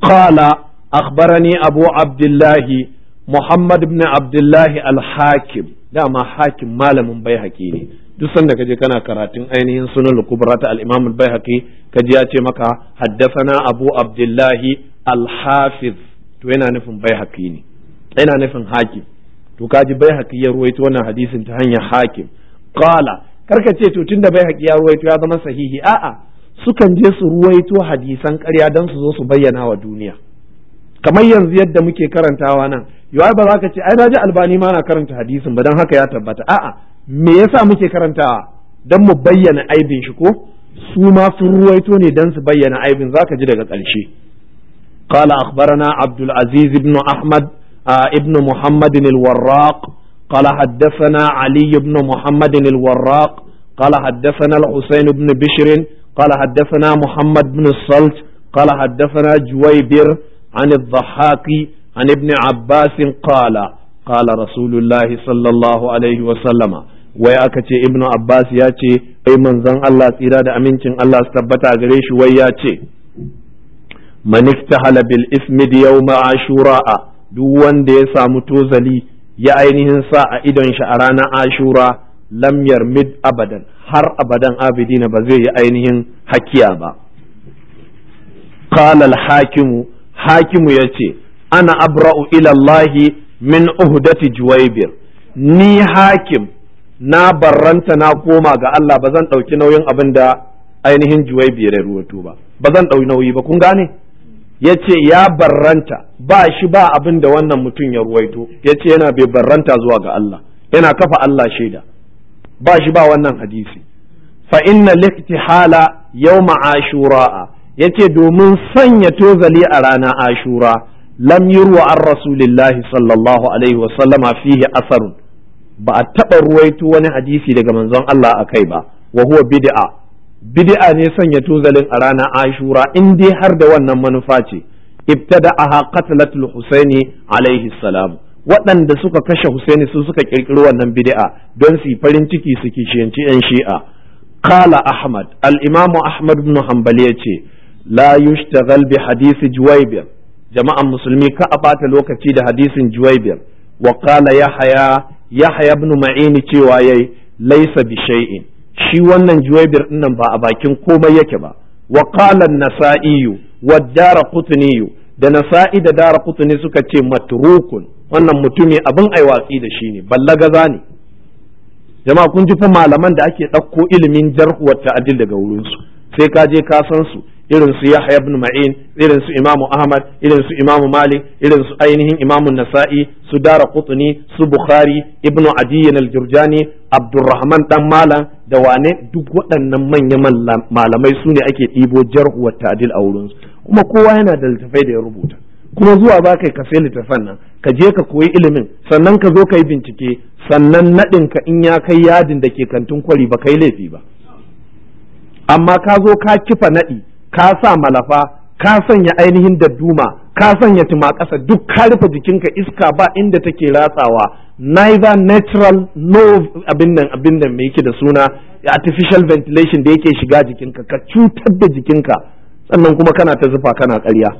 qala akhbarani abu abdullahi muhammad ibn abdullahi al-hakim dama hakim malamin baihaqi ne duk sanda ka je kana karatun ainihin sunan al-kubra ta al-imam al-baihaqi kaji ya ce maka haddathana abu abdullahi al-hafiz to yana nufin baihaqi ne yana nufin hakim to kaji baihaqi ya ruwaito na hadisi ta hanyar hakim qala karka ce to tunda bai haƙi ya ruwaito ya zama sahihi a'a sukan je su ruwaito hadisan ƙarya don su zo su bayyana wa duniya kamar yanzu yadda muke karantawa nan yawai ba za ka ce ai na ji albani ma na karanta hadisin ba don haka ya tabbata a'a me yasa muke karantawa don mu bayyana aibin shi ko su ma sun ruwaito ne don su bayyana aibin za ka ji daga ƙarshe قال أخبرنا عبد العزيز بن أحمد ابن محمد الوراق قال حدثنا علي بن محمد الوراق قال حدثنا الحسين بن بشر قال حدثنا محمد بن الصلت قال حدثنا جويبر عن الضحاك عن ابن عباس قال قال رسول الله صلى الله عليه وسلم wai aka ce ibnu abbas ya ce wai manzon Allah tsira da amincin Allah su tabbata gare shi wai ya ce man iftahala bil ismi yawma ashura'a duk wanda ya samu tozali ya ainihin sa a idon shi a ranar ashura lamyar mid abadan har abadan abidina ba zai yi ainihin hakiya ba qala al-hakimu hakimu yace ana abra'u ila Allah min uhdati juwaibir ni hakim na barranta na koma ga Allah ba zan ɗauki nauyin abin da ainihin juwaybir ya ruwato ba ba zan ɗauki nauyi ba kun gane ya ce ya barranta ba shi ba abin da wannan mutum ya ruwaito ya ce yana bai barranta zuwa ga Allah yana kafa Allah shaida ba shi ba wannan hadisi fa inna yau ma'ashura'a. Ya ce domin sanya tozali a rana ashura lam yurwa an rasulillahi sallallahu alaihi wasallama fihi asarun ba a taɓa ruwaito wani hadisi daga manzon Allah a kai ba wa huwa bid'a bid'a ne sanya tuzalin a ranar ashura in dai har da wannan manufa ce ibtada'aha qatlatul husaini alaihi salam waɗanda suka kashe husaini su suka ƙirƙiri wannan bid'a don su farin ciki su kishiyanci yan shi'a qala ahmad al-imam ahmad ibn hanbali yace la yushtaghal bi hadisi juwaybir jama'an musulmi ka a bata lokaci da hadisin juwaybir wa qala yahya yahya ibn ma'in cewa yayi laysa bi shay'in shi wannan juwaibir dinnan ba a bakin komai yake ba wa qala an-nasa'i wa daraqutni da nasa'i da dara daraqutni suka ce matrukun wannan mutumi abin ai watsi da shi ne ballagaza ne jama'a kun ji fa malaman da ake dauko ilimin jarh wa ta'dil daga wurin su sai ka je ka san su irin su Yahya ibn Ma'in irin su Imam Ahmad irin su Imam Malik irin su ainihin Imam Nasa'i su Dara Qutni su Bukhari ibn Adi al-Jurjani Abdurrahman dan Malam da wane duk waɗannan manyan malamai su ne ake ɗibo jarhu wa ta'dil a wurin kuma kowa yana da littafai da ya rubuta kuma zuwa ba kai ka sai littafan nan ka je ka koyi ilimin sannan ka zo ka yi bincike sannan naɗin ka in ya kai yadin da ke kantin kwari ba kai laifi ba amma ka zo ka kifa naɗi ka sa malafa ka sanya ainihin dadduma ka sanya tuma ƙasa duk ka rufe jikinka iska ba inda take ratsawa neither natural no abin nan abin nan me yake da suna artificial ventilation da yake shiga jikinka ka cutar da jikinka sannan kuma kana ta zufa kana karya.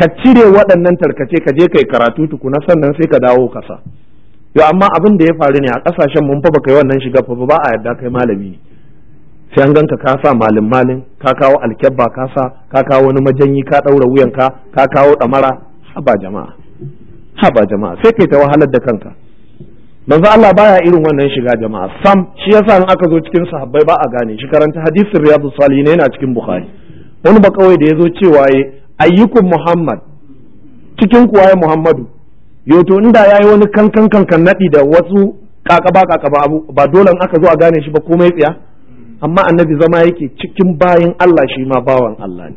ka cire waɗannan tarkace ka je kai karatu tukuna sannan sai ka dawo kasa yo amma abin da ya faru ne a ƙasashen mun fa baka yi wannan shiga fa ba a yarda kai malami ne sai an ganka ka sa malin malin ka kawo alkyabba ka sa ka kawo wani majanyi ka ɗaura wuyanka ka kawo ɗamara haba jama'a haba jama'a sai kai ta wahalar da kanka manzo Allah baya irin wannan shiga jama'a sam shi yasa in aka zo cikin sahabbai ba a gane shi karanta hadisin riyadu salihin yana cikin bukhari wani ba kawai da ya zo cewa eh, ayyukun muhammad cikin kuwa ya muhammadu yoto inda yi wani kankan kankan nadi da wasu kakaba kakaba ba dole in aka zo a gane shi ba komai tsiya amma annabi zama yake cikin bayan Allah shi ma bawan Allah ne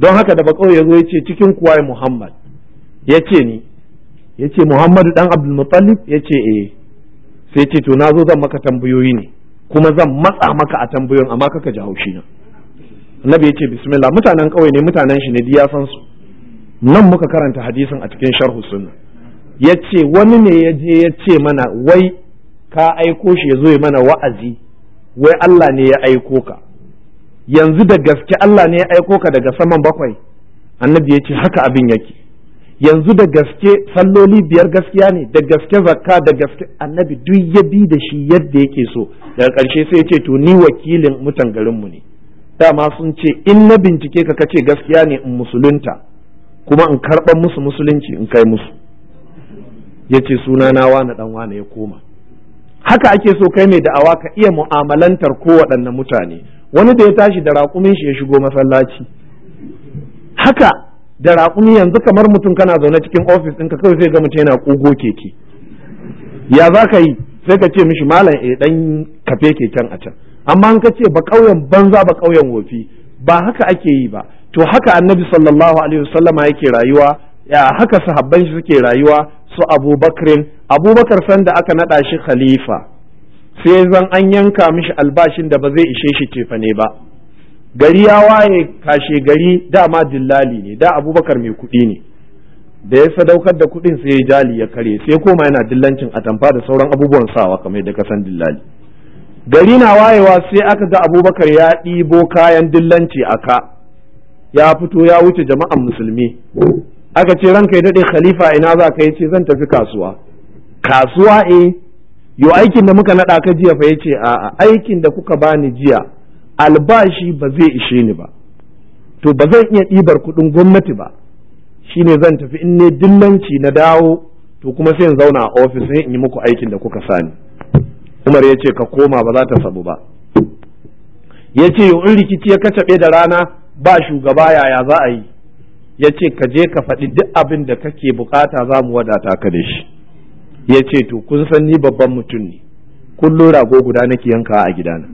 don haka da bakau ya zo ya ce cikin kuwai Muhammad ya ce ni ya ce Muhammadu dan Abdul Muttalib ya ce eh sai ce to na zo zan maka tambayoyi ne kuma zan matsa maka a tambayoyin amma kaka ji haushi na annabi ya ce bismillah mutanen kauye ne mutanen shi ne diya san su nan muka karanta hadisin a cikin sharhu sunna ya ce wani ne ya je ya ce mana wai ka aiko shi ya zo ya mana wa'azi wai Allah ne ya aiko ka yanzu da gaske Allah ne ya aiko ka daga saman bakwai annabi ya ce haka abin yake yanzu da gaske salloli biyar gaskiya ne da gaske zakka da gaske annabi duk ya bi da shi yadda yake so daga ƙarshe sai ya ce to ni wakilin mutan garinmu ne dama sun ce in na bincike ka kace gaskiya ne in musulunta kuma in karɓa musu musulunci in kai musu ya ce suna na wane ɗanwana ya koma haka ake so kai mai da'awa ka iya mu'amalantar ko kowaɗanne mutane wani da ya tashi da raƙumin shi ya shigo masallaci haka da raƙumi yanzu kamar mutum kana zaune cikin ofis ɗinka kawai sai ga mutum yana ƙugo keke ya za ka yi sai ka ce mishi malam ya eh, ɗan kafe keken a can amma in ka ce ba ƙauyen banza ba ƙauyen wofi ba haka ake yi ba to haka annabi sallallahu alaihi wasallama yake rayuwa ya haka sahabban shi suke rayuwa su abubakrin abubakar sanda aka naɗa shi khalifa sai zan an yanka mishi albashin da ba zai ishe shi cefane ba gari ya waye kashe gari dama dillali ne da abubakar mai kuɗi ne da ya sadaukar da kuɗin sai ya jali ya kare sai koma yana dillancin atamfa da sauran abubuwan sawa kamar da kasan dillali gari na wayewa sai aka ga abubakar ya ɗibo kayan dillanci a ka ya fito ya wuce jama'an musulmi aka ce ranka ya daɗe khalifa ina za ka yi ce zan tafi kasuwa kasuwa eh yo aikin da muka naɗa ka jiya fa ya ce a'a aikin da kuka bani jiya albashi ba zai ishe ni ba to ba zan iya ɗibar kuɗin gwamnati ba shi ne zan tafi in ne dillanci na dawo to kuma sai in zauna a ofis sai in yi muku aikin da kuka sani umar ya ce ka koma ba za ta sabu ba ya ce in rikici ya kacaɓe da rana ba shugaba yaya za a yi ya ce ka je ka faɗi duk abin da kake bukata za mu wadata ka da shi ya ce to kun san ni babban mutum ne lura rago guda nake yanka a gidana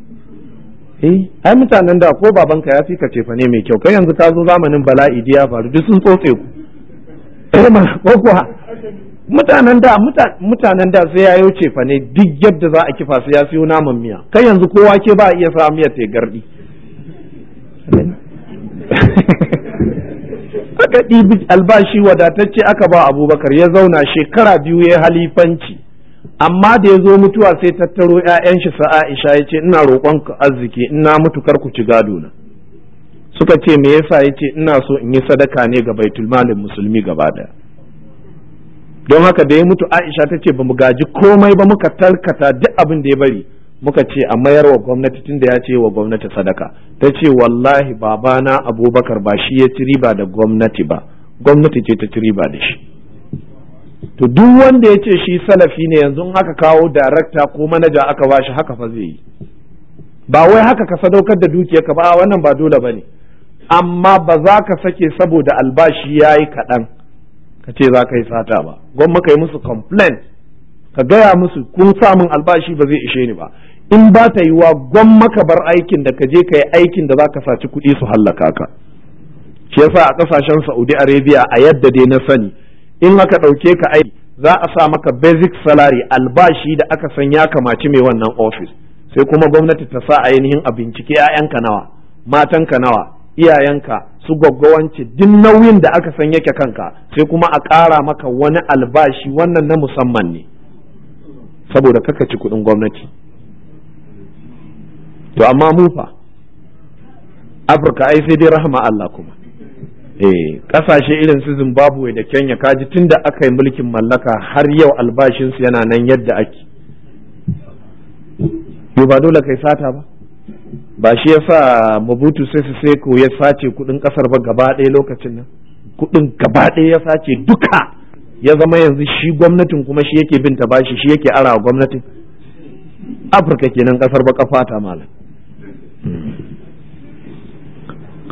eh ai mutanen da ko babanka ya fi ka cefa ne mai kyau kai yanzu ka zo zamanin bala'i ya faru duk sun tsotse ku eh ma ko kuwa mutanen da mutanen da sai yayo cefa ne duk yadda za a kifa su ya siyo naman miya kai yanzu kowa ke ba iya sa miya ta gardi aka ɗibi albashi wadatacce aka ba abubakar ya zauna shekara biyu ya halifanci amma da ya zo mutuwa sai tattaro 'ya'yan shi sa'aisha ya ce ina roƙon ku arziki ina mutu kar ku ci gado na suka ce me yasa ya ce ina so in yi sadaka ne ga baitulmalin musulmi gaba ɗaya don haka da ya mutu aisha ta ce ba mu gaji komai ba muka tarkata duk abin da ya bari muka ce a mayar wa gwamnati tun da ya ce wa gwamnati sadaka ta ce wallahi babana abubakar ba shi ya ci riba da gwamnati ba gwamnati ce ta ci riba da shi to duk wanda ya ce shi salafi ne yanzu haka kawo darakta ko manaja aka ba shi haka fa zai yi ba wai haka ka sadaukar da ka ba wannan ba dole ba ne amma ba za ka sake saboda albashi yayi yi kaɗan ka ce za ka yi sata ba gwamnati kai yi musu complaint ka gaya musu kun samun albashi ba zai ishe ni ba in ba ta yiwa gwan maka bar aikin da ka je ka yi aikin da za ka saci kuɗi su hallaka ka shi yasa a ƙasashen Saudi Arabia a yadda dai na sani in aka ɗauke ka aiki za a sa maka basic salary albashi da aka san ya kamaci mai wannan ofis. sai kuma gwamnati ta sa ainihin a bincike 'ya'yanka nawa matanka nawa iyayenka su gwaggwawanci duk nauyin da aka san yake kanka sai kuma a ƙara maka wani albashi wannan na musamman ne saboda kaka ci kuɗin gwamnati to amma mu fa afirka ai sai dai rahama Allah kuma eh kasashe irin su zimbabwe da kenya kaji da aka yi mulkin mallaka har yau albashinsu yana nan yadda ake to ba dole kai sata ba ba shi ya sa mabutu sai su sai ya sace kudin kasar ba gaba ɗaya lokacin nan kudin gaba ɗaya ya sace duka ya zama yanzu shi gwamnatin kuma shi yake bin ta bashi shi yake arawa gwamnatin afirka kenan kasar baka fata malam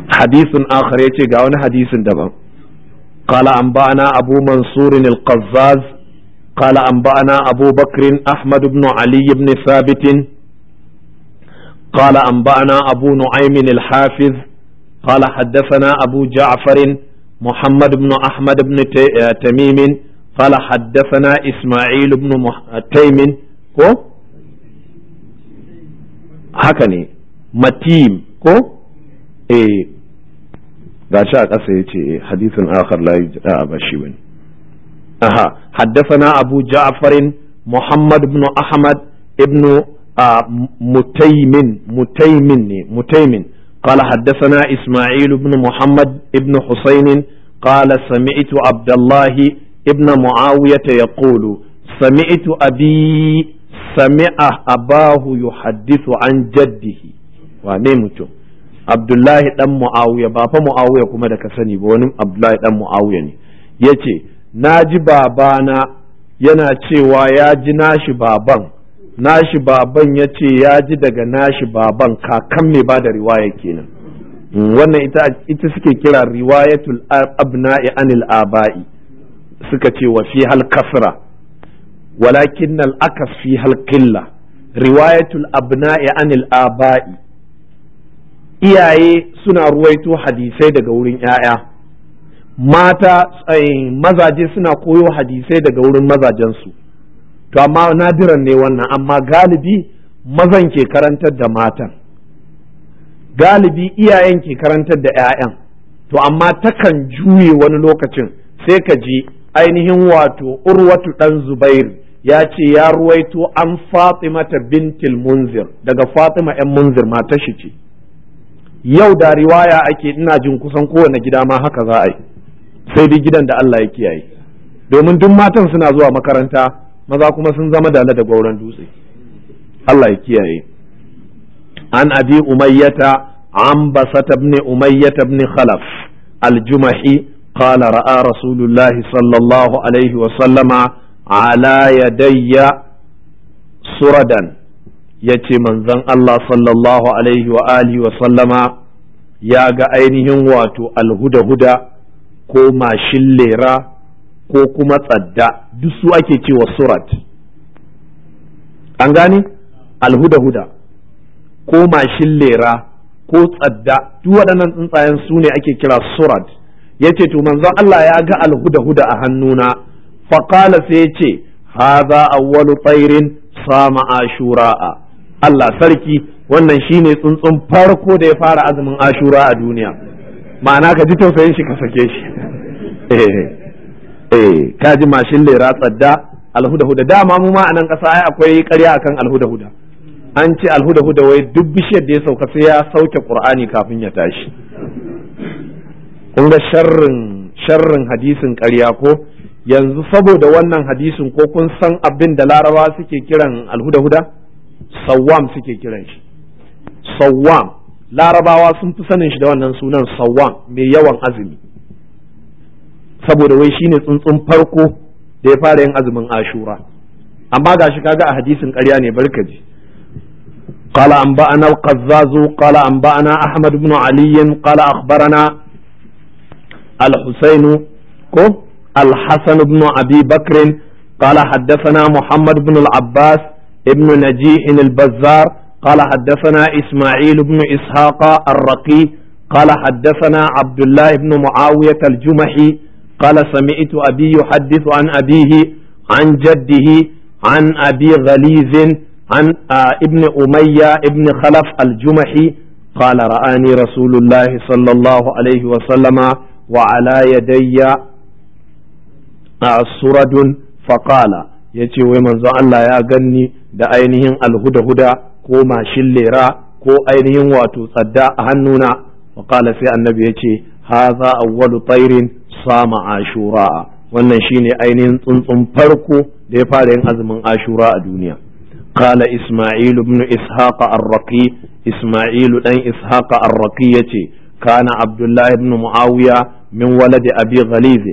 hadisin akhar yace ga wani hadisin daban قال أنبأنا أبو منصور القزاز قال أنبأنا أبو بكر أحمد بن علي بن ثابت قال أنبأنا أبو نعيم الحافظ قال حدثنا أبو جعفر محمد بن أحمد بن تميم قال حدثنا إسماعيل بن تيم كو هكني متيم كو إيه gashi a ƙasa ya ce eh, hadisin akhar la yujda ba shi bane aha haddathana abu ja'farin muhammad ibn ahmad ibn ah, mutaymin mutaymin ne Mutaimin. قال حدثنا إسماعيل بن محمد بن حسين قال سمعت عبد الله ابن معاوية يقول سمعت أبي سمع أباه يحدث عن جده ونمت عبد الله دم معاوية بابا معاوية كما دك سني بونم عبد الله دم معاوية يتي ناجي بابانا yana cewa ya ji nashi baban nashi baban ya ce ya ji daga nashi baban kakan mai ba da riwaya kenan mm, wannan ita suke kira riwayatul abna'i anil aba'i suka ce wa fi hal kasra walakin al akas fi hal qilla riwayatul abna'i anil aba'i iyaye suna ruwaito hadisai daga wurin 'ya'ya mata eh, mazaje suna koyo hadisai daga wurin mazajensu to amma nadiran ne wannan amma galibi mazan ke karantar da matan galibi iyayen ke karantar da 'ya'yan to amma takan juye wani lokacin sai ka ji ainihin wato urwatu ɗan Zubairu, ya ce ya ruwaito an fatimata bintil munzir daga fatima 'yan munzir matar shi ce yau da riwaya ake ina jin kusan kowane gida ma haka za a yi sai dai gidan da Allah ya kiyaye domin duk matan suna zuwa makaranta maza kuma sun zama dala da gwauran dutse Allah ya kiyaye an abi umayyata an basata ibn umayyata ibn khalaf al-jumahi qala ra'a rasulullahi sallallahu alaihi wa sallama ala yadayya suradan yace manzon Allah sallallahu alaihi wa alihi wa sallama ya ga ainihin wato alhuda-huda ko mashin lera ko kuma tsadda duk su ake cewa surat an gani. alhuda-huda ko mashin lera ko tsadda duk waɗannan tsuntsayen su ne ake kira surat ya ce to manzon Allah ya ga alhuda-huda a hannuna faƙala sai ya ce haza awwalu tsairin sama ashura'a Allah sarki wannan shine tsuntsun farko da ya fara azumin ashura a duniya ma'ana ka ji tausayin shi ka sake shi eh. eh ji mashin lera tsadda alhuda-huda dama mu ma a nan ƙasa ai akwai ƙarya akan alhuda-huda an ce alhuda-huda wai duk bishiyar da ya sauka sai ya sauke qur'ani kafin ya tashi kun ga sharrin sharrin hadisin ƙarya ko yanzu saboda wannan hadisin ko kun san abin da larabawa suke kiran alhuda-huda sawam suke kiran shi sawam larabawa sun fi sanin shi da wannan sunan sawam mai yawan azumi saboda wai shi shine tsuntsun farko da ya fara yin azumin ashura amma ga shi kaga a hadisin ƙarya ne barka ji qala anba'ana al-qazzaz qala anba'ana ahmad ibn ali qala akhbarana al-husayn ko al-hasan ibn abi bakr قال حدثنا محمد بن العباس ابن نجيح البزار قال حدثنا إسماعيل بن إسحاق الرقي قال حدثنا عبد الله بن معاوية الجمحي قال سمعت أبي يحدث عن أبيه عن جده عن أبي غليظ عن ابن أمية ابن خلف الجمحي قال رآني رسول الله صلى الله عليه وسلم وعلى يدي سرد فقال yace wai manzon Allah ya ganni da ainihin alhudahuda ko mashin lera ko ainihin wato tsadda a hannuna wa sai annabi yace hadha awwalu tairin sama ashura wannan shine ainihin tsuntsun farko da ya fara yin azumin ashura a duniya ibn Ishaqa ar-raqi الرقي dan أن ar-raqi yace kana abdullah ibn muawiya min waladi abi غليظ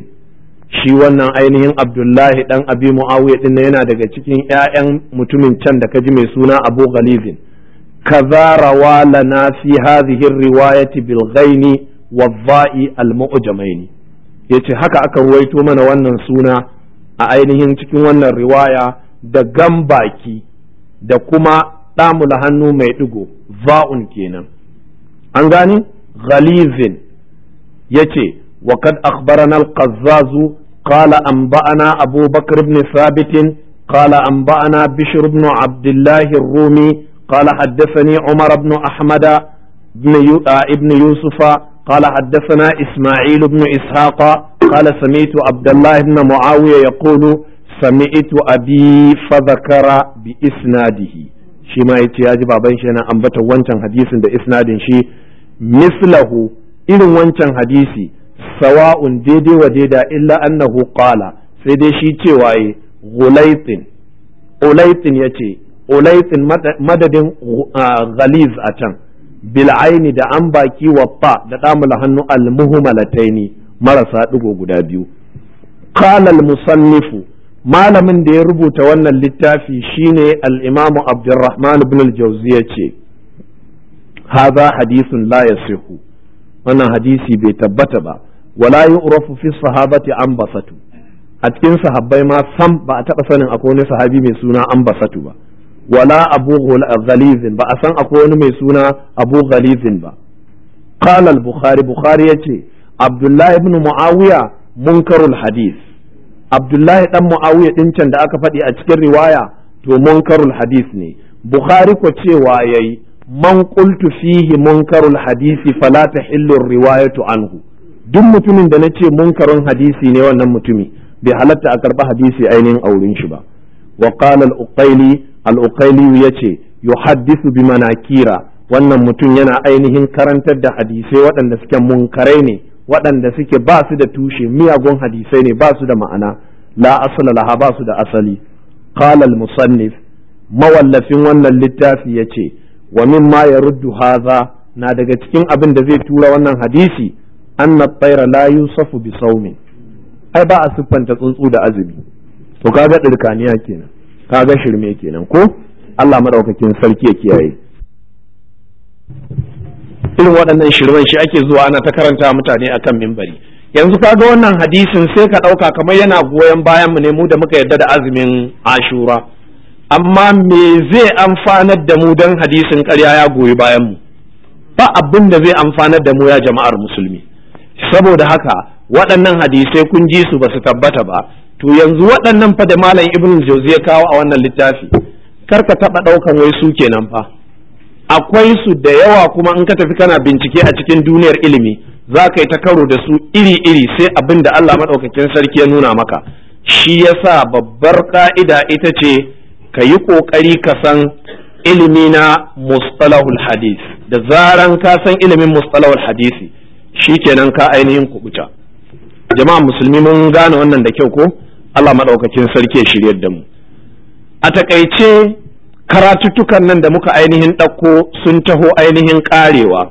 shi wannan ainihin abdullahi dan abi muawiya din yana daga cikin ƴaƴan mutumin can da kaji mai suna abu ghalibin kaza rawa lana fi hadhihi riwayati bil ghaini wadha'i al mu'jamaini yace haka aka ruwaito mana wannan suna a ainihin cikin wannan riwaya da ki da kuma ɗamula hannu mai ɗigo va'un kenan an gani ghalizin yace wa kad akhbarana al-qazzazu qala anba'ana abu bakr ibn thabit qala anba'ana bishr ibn abdullah ar-rumi qala haddathani umar ibn ahmada ibn yusufa قال حدثنا إسماعيل بن إسحاق قال سمعت عبد الله بن معاوية يقول سمعت أبي فذكر بإسناده شما يتي يجب أبين شينا أنبت وانشان حديث دا إسناد شي مثله إذن وانشان حديثي سواء ديدي وديدا إلا أنه قال سيدي شي تيواي غليط غليط يتي غليط مدد غليظ أتن bil'aini da an baki waffa da damula hannu al marasa ɗigo guda biyu qala al musannifu malamin da ya rubuta wannan littafi shine al imamu abdurrahman ibn al jawzi yace hadha hadithun la yasihu wannan hadisi bai tabbata ba wala yu'rafu fi sahabati an a cikin sahabbai ma sam ba a taɓa sanin akwai wani sahabi mai suna ambasatu ba wala abu ghalizin ba a san akwai wani mai suna abu ghalizin ba qala al-bukhari bukhari yace abdullahi ibn muawiya munkarul hadith abdullahi ɗan muawiya din can da aka faɗi a cikin riwaya to munkarul hadith ne bukhari ko cewa yayi man qultu fihi munkarul hadisi fala tahillu riwayatu anhu duk mutumin da nace munkarun hadisi ne wannan mutumi bai halarta a karba hadisi ainihin aurin shi ba wa qala al-uqayli yace yuhaddisu bi manakira wannan mutum yana ainihin karantar da hadisai waɗanda suke munkarai ne waɗanda suke ba su da tushe miyagun hadisai ne ba su da ma'ana la asala laha ba su da asali qala al-musannif mawallafin wannan littafi yace wa mimma yaruddu haza, na daga cikin abin da zai tura wannan hadisi anna tsaira la yusafu bi saumin ai ba a siffanta tsuntsu da azumi to kaga dirkaniya kenan Ka ga shirme kenan ko Allah madaukakin sarki ya kiyaye irin waɗannan shirman shi ake zuwa ana ta karanta mutane akan mimbari yanzu ka ga wannan hadisin sai ka ɗauka kamar yana goyon bayan mu ne mu da muka yarda da azumin ashura amma me zai amfanar da mu dan hadisin ƙarya ya goyi bayan mu ba abin da zai amfanar da mu ya jama'ar musulmi saboda haka waɗannan hadisai kun ji su ba su tabbata ba to yanzu waɗannan fa da malam Ibnu jauzi ya kawo a wannan littafi kar ka taɓa ɗaukan wai su kenan fa akwai su da yawa kuma in ka tafi kana bincike a cikin duniyar ilimi za ka yi ta karo da su iri-iri sai abin da Allah maɗaukakin sarki ya nuna maka shi yasa babbar ƙa'ida ita ce ka yi ƙoƙari ka san ilimi na mustalahul hadis da zaran ka san ilimin mustalahul hadisi shikenan ka ainihin kubuta jama'a musulmi mun gane wannan da kyau ko Allah madaukakin sarki ya shirya da mu a takaice karatuttukan nan da muka ainihin ɗauko sun taho ainihin ƙarewa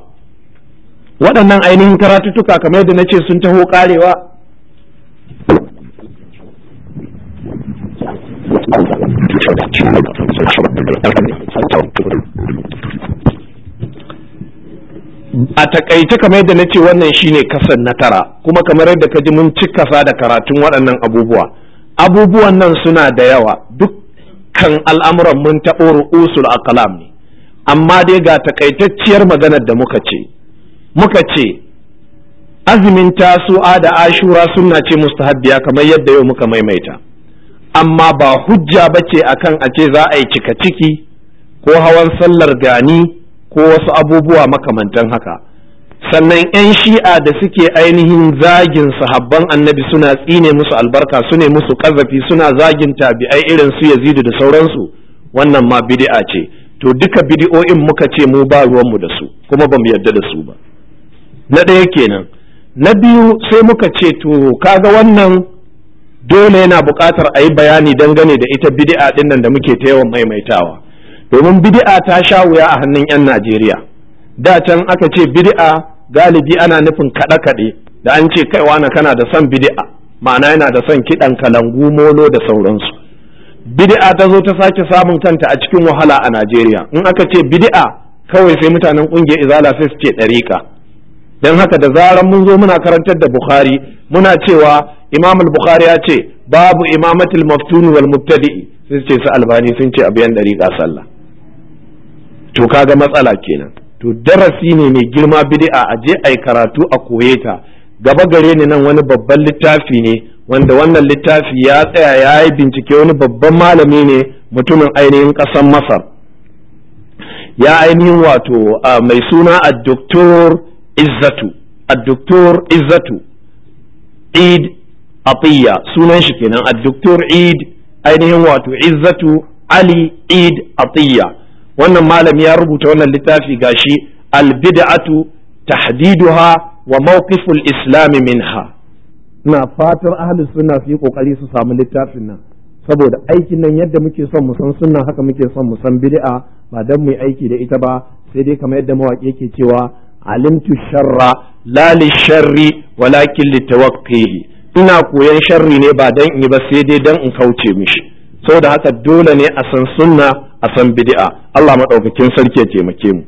waɗannan ainihin karatuttuka kamar yadda na ce sun taho ƙarewa a takaice kamar yadda na ce wannan shine kasan na tara kuma kamar yadda ka ji mun cikasa da karatun waɗannan abubuwa abubuwan nan suna da yawa dukkan al'amuran mun taɓo ru'usul Kalam ne amma dai ga takaitacciyar maganar da muka ce muka ce azumin tasu'a da ashura suna ce mustahabbiya kamar yadda yau muka maimaita amma ba hujja ba ce akan a ce za a yi cika ciki ko hawan sallar gani ko wasu abubuwa makamantan haka sannan 'yan shi'a da suke ainihin zagin sahabban annabi suna tsine musu albarka su musu kazafi suna zagin tabi'ai irin su yazidu da sauransu wannan ma bid'a ce to duka bid'o'in muka ce mu ba ruwanmu da su kuma ba mu yarda da su ba na ɗaya kenan na biyu sai muka ce to kaga wannan dole yana buƙatar a yi bayani dangane da ita bid'a ɗin nan da muke ta yawan maimaitawa domin bid'a ta sha wuya a hannun 'yan Najeriya da can aka ce bid'a galibi ana nufin kaɗe-kaɗe da an ce kai wani kana da son bid'a ma'ana yana da son kiɗan kalangu molo da sauransu bid'a ta zo ta sake samun kanta a cikin wahala a Najeriya in aka ce bid'a kawai sai mutanen ƙungiyar izala sai su ce ɗariƙa don haka da zaran mun zo muna karantar da Bukhari muna cewa Imam Bukhari ya ce babu imamatul maftun wal mubtadi sai su ce su albani sun ce abiyan ɗariƙa sallah to kaga matsala kenan to darasi ne mai girma bid'a a je ai karatu a koye ta gaba gare ni nan wani babban littafi ne wanda wannan littafi ya tsaya ya yi bincike wani babban malami ne mutumin ainihin ƙasar masar ya ainihin wato mai suna a doktor izzatu a doktor izzatu id atiyya sunan shi kenan a doktor id ainihin wato izzatu ali id atiyya wannan malami ya rubuta wannan littafi gashi al bid'atu tahdiduha wa mawqiful islam minha na fatar ahlus sunna su yi kokari su samu littafin nan saboda aikin nan yadda muke son mu san sunna haka muke son mu san bid'a ba dan mu aiki da ita ba sai dai kamar yadda mawaki yake cewa alimtu sharra la li sharri walakin li ina koyan sharri ne ba dan in yi ba sai dai dan in kauce mishi Sau da haka dole ne a san sunna a san bidi'a. Allah madaukakin sarki ya taimake mu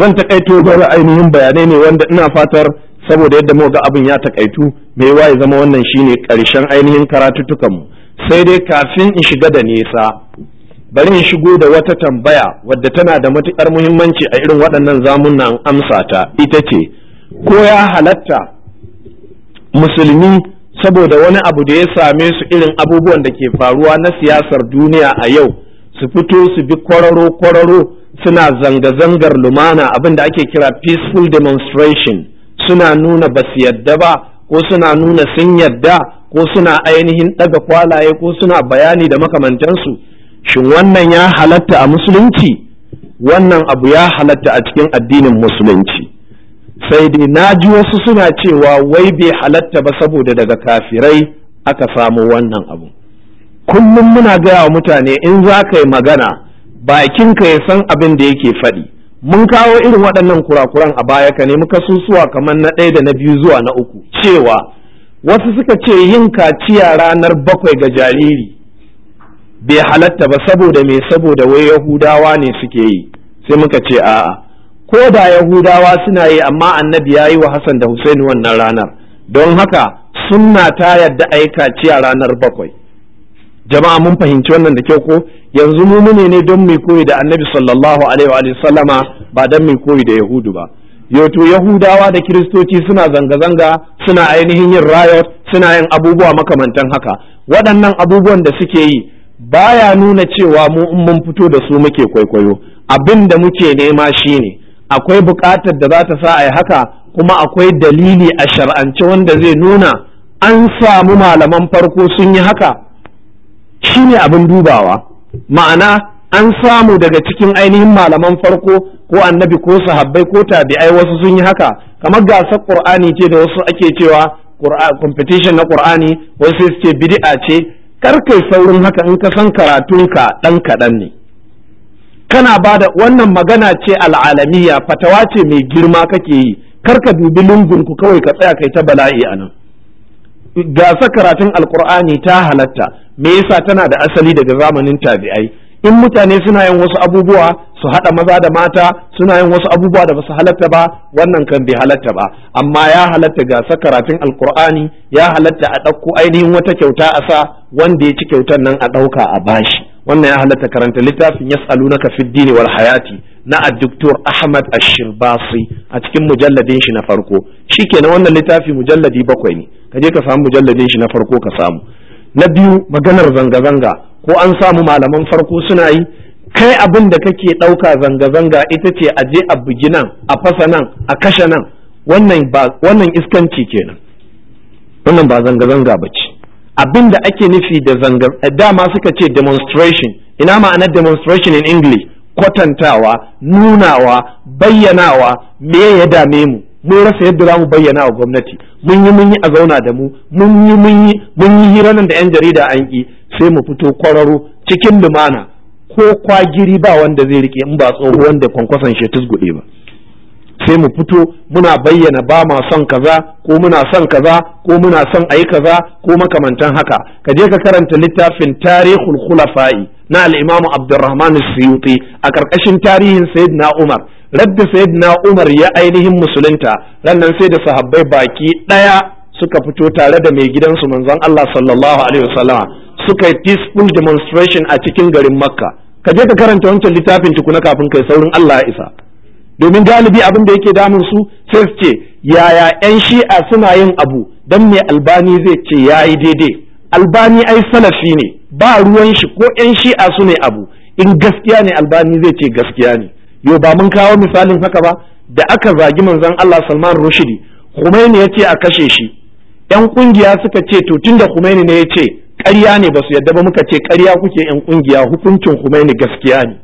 zan takaito ga ainihin bayanai ne wanda ina fatar saboda yadda mu ga abin ya takaitu mai waye zama wannan shine karshen ainihin karatuttukan mu sai dai kafin in shiga da nesa bari in shigo da wata tambaya wadda tana da matukar muhimmanci a irin waɗannan zamunan amsa ta ita ce ko ya halatta musulmi saboda wani abu da ya same su irin abubuwan da ke faruwa na siyasar duniya a yau su fito su bi kwararo kwararo suna zanga-zangar lumana abin da ake kira peaceful demonstration suna nuna ba su yadda ba ko suna nuna sun yadda ko suna ainihin ɗaga kwalaye ko suna bayani da makamantansu shin wannan ya halatta a musulunci wannan abu ya halatta a cikin addinin musulunci sai dai na ji wasu suna cewa wai bai halatta ba saboda daga kafirai aka samu wannan abu kullum muna gaya wa mutane in za ka yi magana ka ya san abin da yake faɗi mun kawo irin waɗannan kurakuran a baya ka nemi kasusuwa kamar na ɗaya da na biyu zuwa na uku cewa wasu suka ce yin kaciya ranar bakwai ga jariri bai halatta ba saboda mai saboda wai yahudawa ne suke yi sai muka ce a'a ko da yahudawa suna yi amma annabi ya yi wa hassan da husaini wannan ranar don haka sunna ta yadda a yi kaciya ranar bakwai jama'a mun fahimci wannan da kyau ko yanzu mu mune ne don mai koyi da annabi sallallahu alaihi wa sallama ba don mai koyi da yahudu ba to yahudawa da kiristoci suna zanga-zanga suna ainihin yin riot suna yin abubuwa makamantan haka waɗannan abubuwan da suke yi baya nuna cewa mu in mun fito da su muke kwaikwayo abin da muke nema shine akwai buƙatar da za ta sa a yi haka kuma akwai dalili a shar'ance wanda zai nuna an samu malaman farko sun yi haka shi ne abin dubawa ma'ana an samu daga cikin ainihin malaman farko ko annabi ko sahabbai ko tabi'ai wasu sun yi haka kamar gasar ƙur'ani ce da wasu ake cewa competition na ƙur'ani wasu suke ce bid'a ce kar kai saurin haka in ka san karatunka ɗan kaɗan ne kana ba da wannan magana ce al'alamiya fatawa ce mai girma kake yi kar ka dubi lungunku kawai ka tsaya kai ta bala'i a nan ga karatun alkur'ani ta halatta me yasa tana da asali daga zamanin tabi'ai in mutane suna yin wasu abubuwa su haɗa maza da mata suna yin wasu abubuwa da basu halatta ba wannan kan bai halatta ba amma ya halatta ga karatun alkur'ani ya halatta a ɗauko ainihin wata kyauta a sa wanda ya ci kyautar nan a ɗauka a bashi wannan ya halatta karanta littafin yas'alunaka fid dini wal hayati na addoktor Ahmad Ashirbasi a cikin mujalladin shi na farko Shi shikenan wannan littafi mujalladi bakwai ne ka je ka samu mujalladin shi na farko ka samu na biyu maganar zanga zanga ko an samu malaman farko suna yi kai abin da kake ɗauka zanga zanga ita ce a je a bugi nan a fasa nan a kashe nan wannan iskanci kenan wannan ba zanga zanga ba ce abin da ake nufi da zangar dama suka ce demonstration ina ma'anar demonstration in english kwatantawa nunawa bayyanawa me ya dame mu mun rasa yadda za mu bayyana wa gwamnati mun yi mun yi a zauna da mu mun yi mun yi mun yi da yan jarida an ki sai mu fito kwararo cikin lumana ko kwagiri ba wanda zai rike in ba tsohuwan da kwankwason ya tusguɗe ba sai mu fito muna bayyana ba ma son kaza ko muna son kaza ko muna son ayi kaza ko makamantan haka ka je ka karanta littafin tarihul khulafa'i na al-imam Abdurrahman suyuti a karkashin tarihin sayyidina Umar radda sayyidina Umar ya ainihin musulunta rannan sai da sahabbai baki daya suka fito tare da mai gidansu manzon Allah sallallahu alaihi wasallam suka yi peaceful demonstration a cikin garin Makka ka je ka karanta wancan littafin tukuna kafin kai saurin Allah ya isa domin galibi abin da yake damun su sai su ce yaya yan shi'a suna yin abu don me albani zai ce yayi daidai albani ai salafi ne ba ruwan shi ko yan shi'a su ne abu in gaskiya ne albani zai ce gaskiya ne yo ba mun kawo misalin haka ba da aka zagi manzon Allah Salman Rushdie Khomeini yace a kashe shi yan kungiya suka ce to tunda Khomeini ne yace ƙarya ne ba su yadda ba muka ce ƙarya kuke yan kungiya hukuncin Khomeini gaskiya ne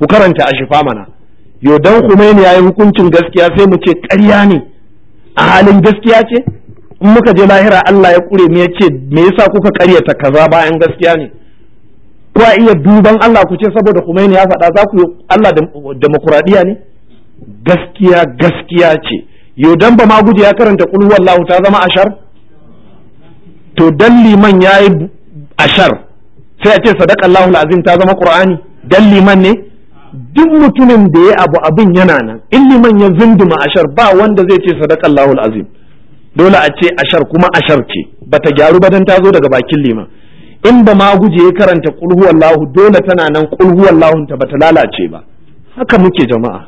ku karanta a shifa mana dan Khomeini yayi hukuncin gaskiya sai mu ce ƙarya ne a halin gaskiya ce in muka je lahira Allah ya kure mu yace me yasa kuka ƙaryata kaza bayan gaskiya ne ko a iya duban Allah ku ce saboda Khomeini ya faɗa za ku Allah demokuraɗiyya ne gaskiya gaskiya ce dan ba ma guje ya karanta qul wallahu ta zama ashar to dan liman yayi ashar sai a ce sadaqallahu alazim ta zama qur'ani dan liman ne duk mutumin da ya abu abin yana nan in liman ya zunduma ashar ba wanda zai ce sadakallahu azim dole a ce ashar kuma ashar ce bata gyaru ba dan ta zo daga bakin liman in ba ma guje ya karanta kulhuwallahu dole tana nan kulhuwallahun ta bata lalace ba haka muke jama'a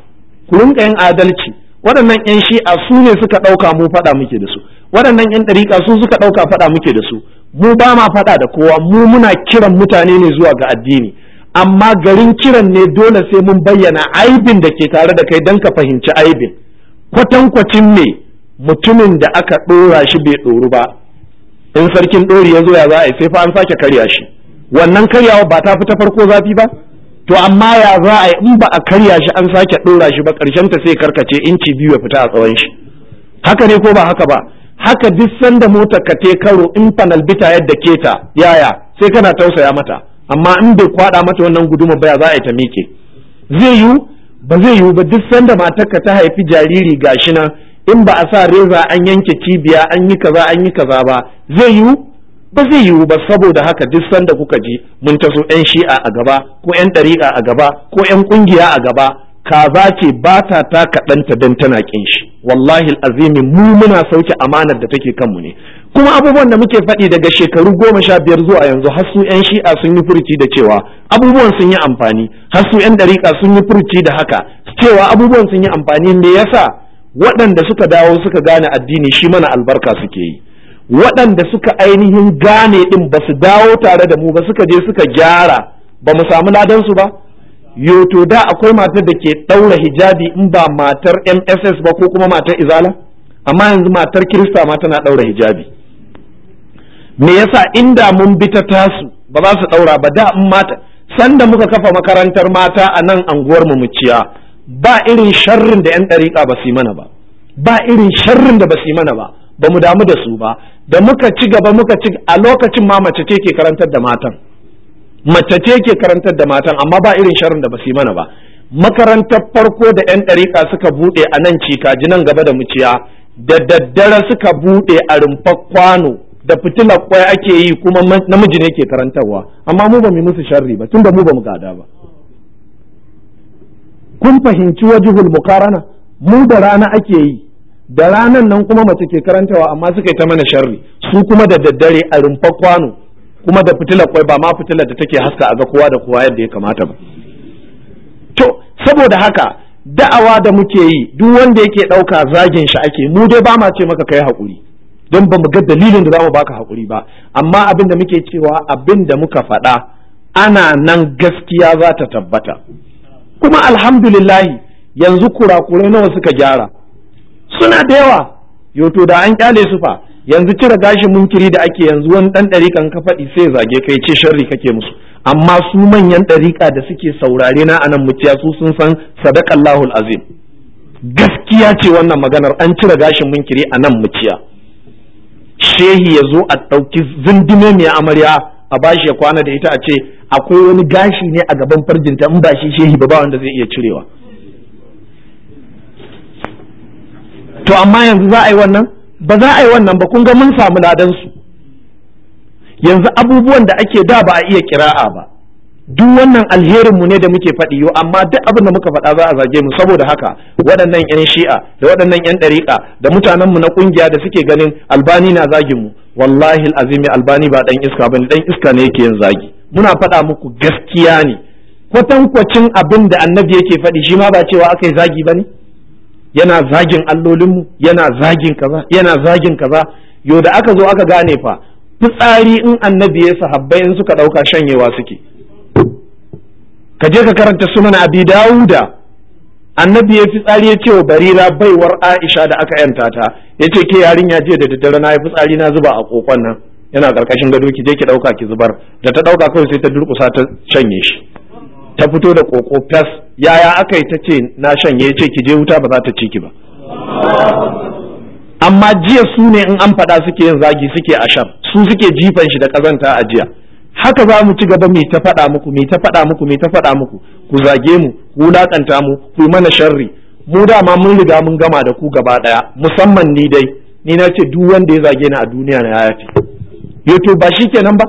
ku rinka yin adalci waɗannan yan shi'a su ne suka ɗauka mu faɗa muke da su waɗannan yan ɗariƙa su suka ɗauka faɗa muke da su mu ba ma faɗa da kowa mu muna kiran mutane ne zuwa ga addini amma garin kiran ne dole sai mun bayyana aibin da ke tare da kai don ka fahimci aibin kwatankwacin ne mutumin da aka ɗora shi bai ɗoru ba in sarkin ɗori ya zo ya za a yi sai fa an sake karya shi wannan karyawa ba ta fi farko zafi ba to amma ya za a yi in ba a karya shi an sake ɗora shi ba ƙarshen ta sai karkace inci biyu ya fita a tsawon shi haka ne ko ba haka ba haka duk sanda motar ka te karo in fanal bita yadda keta yaya sai kana tausaya mata amma in bai kwada mata wannan guduma baya za a yi ta miƙe zai yiwu ba zai yiwu ba duk sanda matarka ta haifi jariri gashi nan in ba a sa reza an yanke cibiya an yi kaza an yi kaza ba zai yiwu ba zai yiwu ba saboda haka duk sanda kuka ji mun taso yan shi'a a gaba ko yan ɗari'a a gaba ko yan ƙungiya a gaba kaza ce ba ta ta kaɗanta don tana ƙin shi wallahi azimi mu muna sauke amanar da take kanmu ne kuma abubuwan da muke faɗi daga shekaru goma sha biyar zuwa yanzu har su 'yan shi'a sun yi furci da cewa abubuwan sun yi amfani har su 'yan ɗariƙa sun yi furci da haka cewa abubuwan sun yi amfani me yasa waɗanda suka dawo suka gane addini shi mana albarka suke yi waɗanda suka ainihin gane ɗin ba su dawo tare da mu ba suka je suka gyara ba mu samu su ba yoto da akwai matar da ke ɗaura hijabi in ba matar mss ba ko kuma matar izala amma yanzu matar kirista ma tana ɗaura hijabi me yasa inda mun bi ta tasu ba za su daura ba da in mata sanda muka kafa makarantar mata a nan anguwar mu muciya ba irin sharrin da yan dariƙa ba su mana ba ba irin sharrin da ba su mana ba ba mu damu da su ba da muka ci gaba muka ci a lokacin ma mace ce ke karantar da matan mace ce ke karantar da matan amma ba irin sharrin da ba su mana ba makarantar farko da 'yan ɗariƙa suka buɗe a nan cika nan gaba da muciya da daddare suka buɗe a rumfar kwano da fitila kwai ake yi kuma namiji ne ke karantarwa amma mu ba mu musu sharri ba tunda mu ba mu gada ba kun fahimci wajihul mukarana mu da rana ake yi da ranan nan kuma mace ke karantawa amma suka yi ta mana sharri su kuma da daddare a rumfa kwano kuma da fitilar kwai ba ma fitilar da take haska a ga kowa da kowa yadda ya kamata ba to saboda haka da'awa da muke yi duk wanda yake ɗauka zagin shi ake mu dai ba ma ce maka kai hakuri. don ba mu ga dalilin da za mu baka haƙuri ba amma abin da muke cewa abin da muka faɗa ana nan gaskiya za ta tabbata kuma alhamdulillahi yanzu kurakurai nawa suka gyara suna da yawa yoto da an kyale su fa yanzu cire gashin munkiri da ake yanzu wani dan ɗarikan ka faɗi sai zage kai ce sharri kake musu amma su manyan ɗarika da suke saurare na anan mutiya su sun san sadaqallahul azim gaskiya ce wannan maganar an cire gashin munkiri a nan muciya shehi ya zo a ɗauki zindime mai amarya a bashi ya kwana da ita a ce akwai wani gashi ne a gaban farjinta in ba shi shehi ba ba wanda zai iya cirewa to amma yanzu za a yi wannan ba za a yi wannan ba kun ga mun samu ladan yanzu abubuwan da ake da ba a iya kira'a ba duk wannan alherin mu ne da muke faɗi yo amma duk abin da muka faɗa za a zage mu saboda haka waɗannan yan shi'a da waɗannan yan ɗariƙa da mutanen mu na ƙungiya da suke ganin albani na zagin mu wallahi alazimi albani ba dan iska bane dan iska ne yake yin zagi muna faɗa muku gaskiya ne kwatankwacin abin da annabi yake faɗi shi ma ba cewa aka yi zagi bane yana zagin allolinmu yana zagin kaza yana zagin kaza yo da aka zo aka gane fa fitsari in annabi ya sahabbai in suka ɗauka shanyewa suke ka je ka karanta sunan abi dawuda annabi ya fi tsari ya ce wa barira baiwar aisha da aka yanta ta ya ce ke yarinya jiya da daddare na ya fitsari na zuba a kokon nan yana karkashin gado ki je ki dauka ki zubar da ta dauka kawai sai ta durkusa ta shanye shi ta fito da koko fas yaya aka yi ta ce na shanye ya ce ki je wuta ba za ta ci ki ba amma jiya su ne in an faɗa suke yin zagi suke ashar su suke jifan shi da kazanta a jiya haka za mu ci gaba mai ta faɗa muku mai ta faɗa muku mai ta faɗa muku ku zage mu ku wulaƙanta mu ku mana sharri mu dama mun riga mun gama da ku gaba ɗaya musamman ni dai ni na ce duk wanda ya zage ni a duniya na ya yafi yato ba shi kenan ba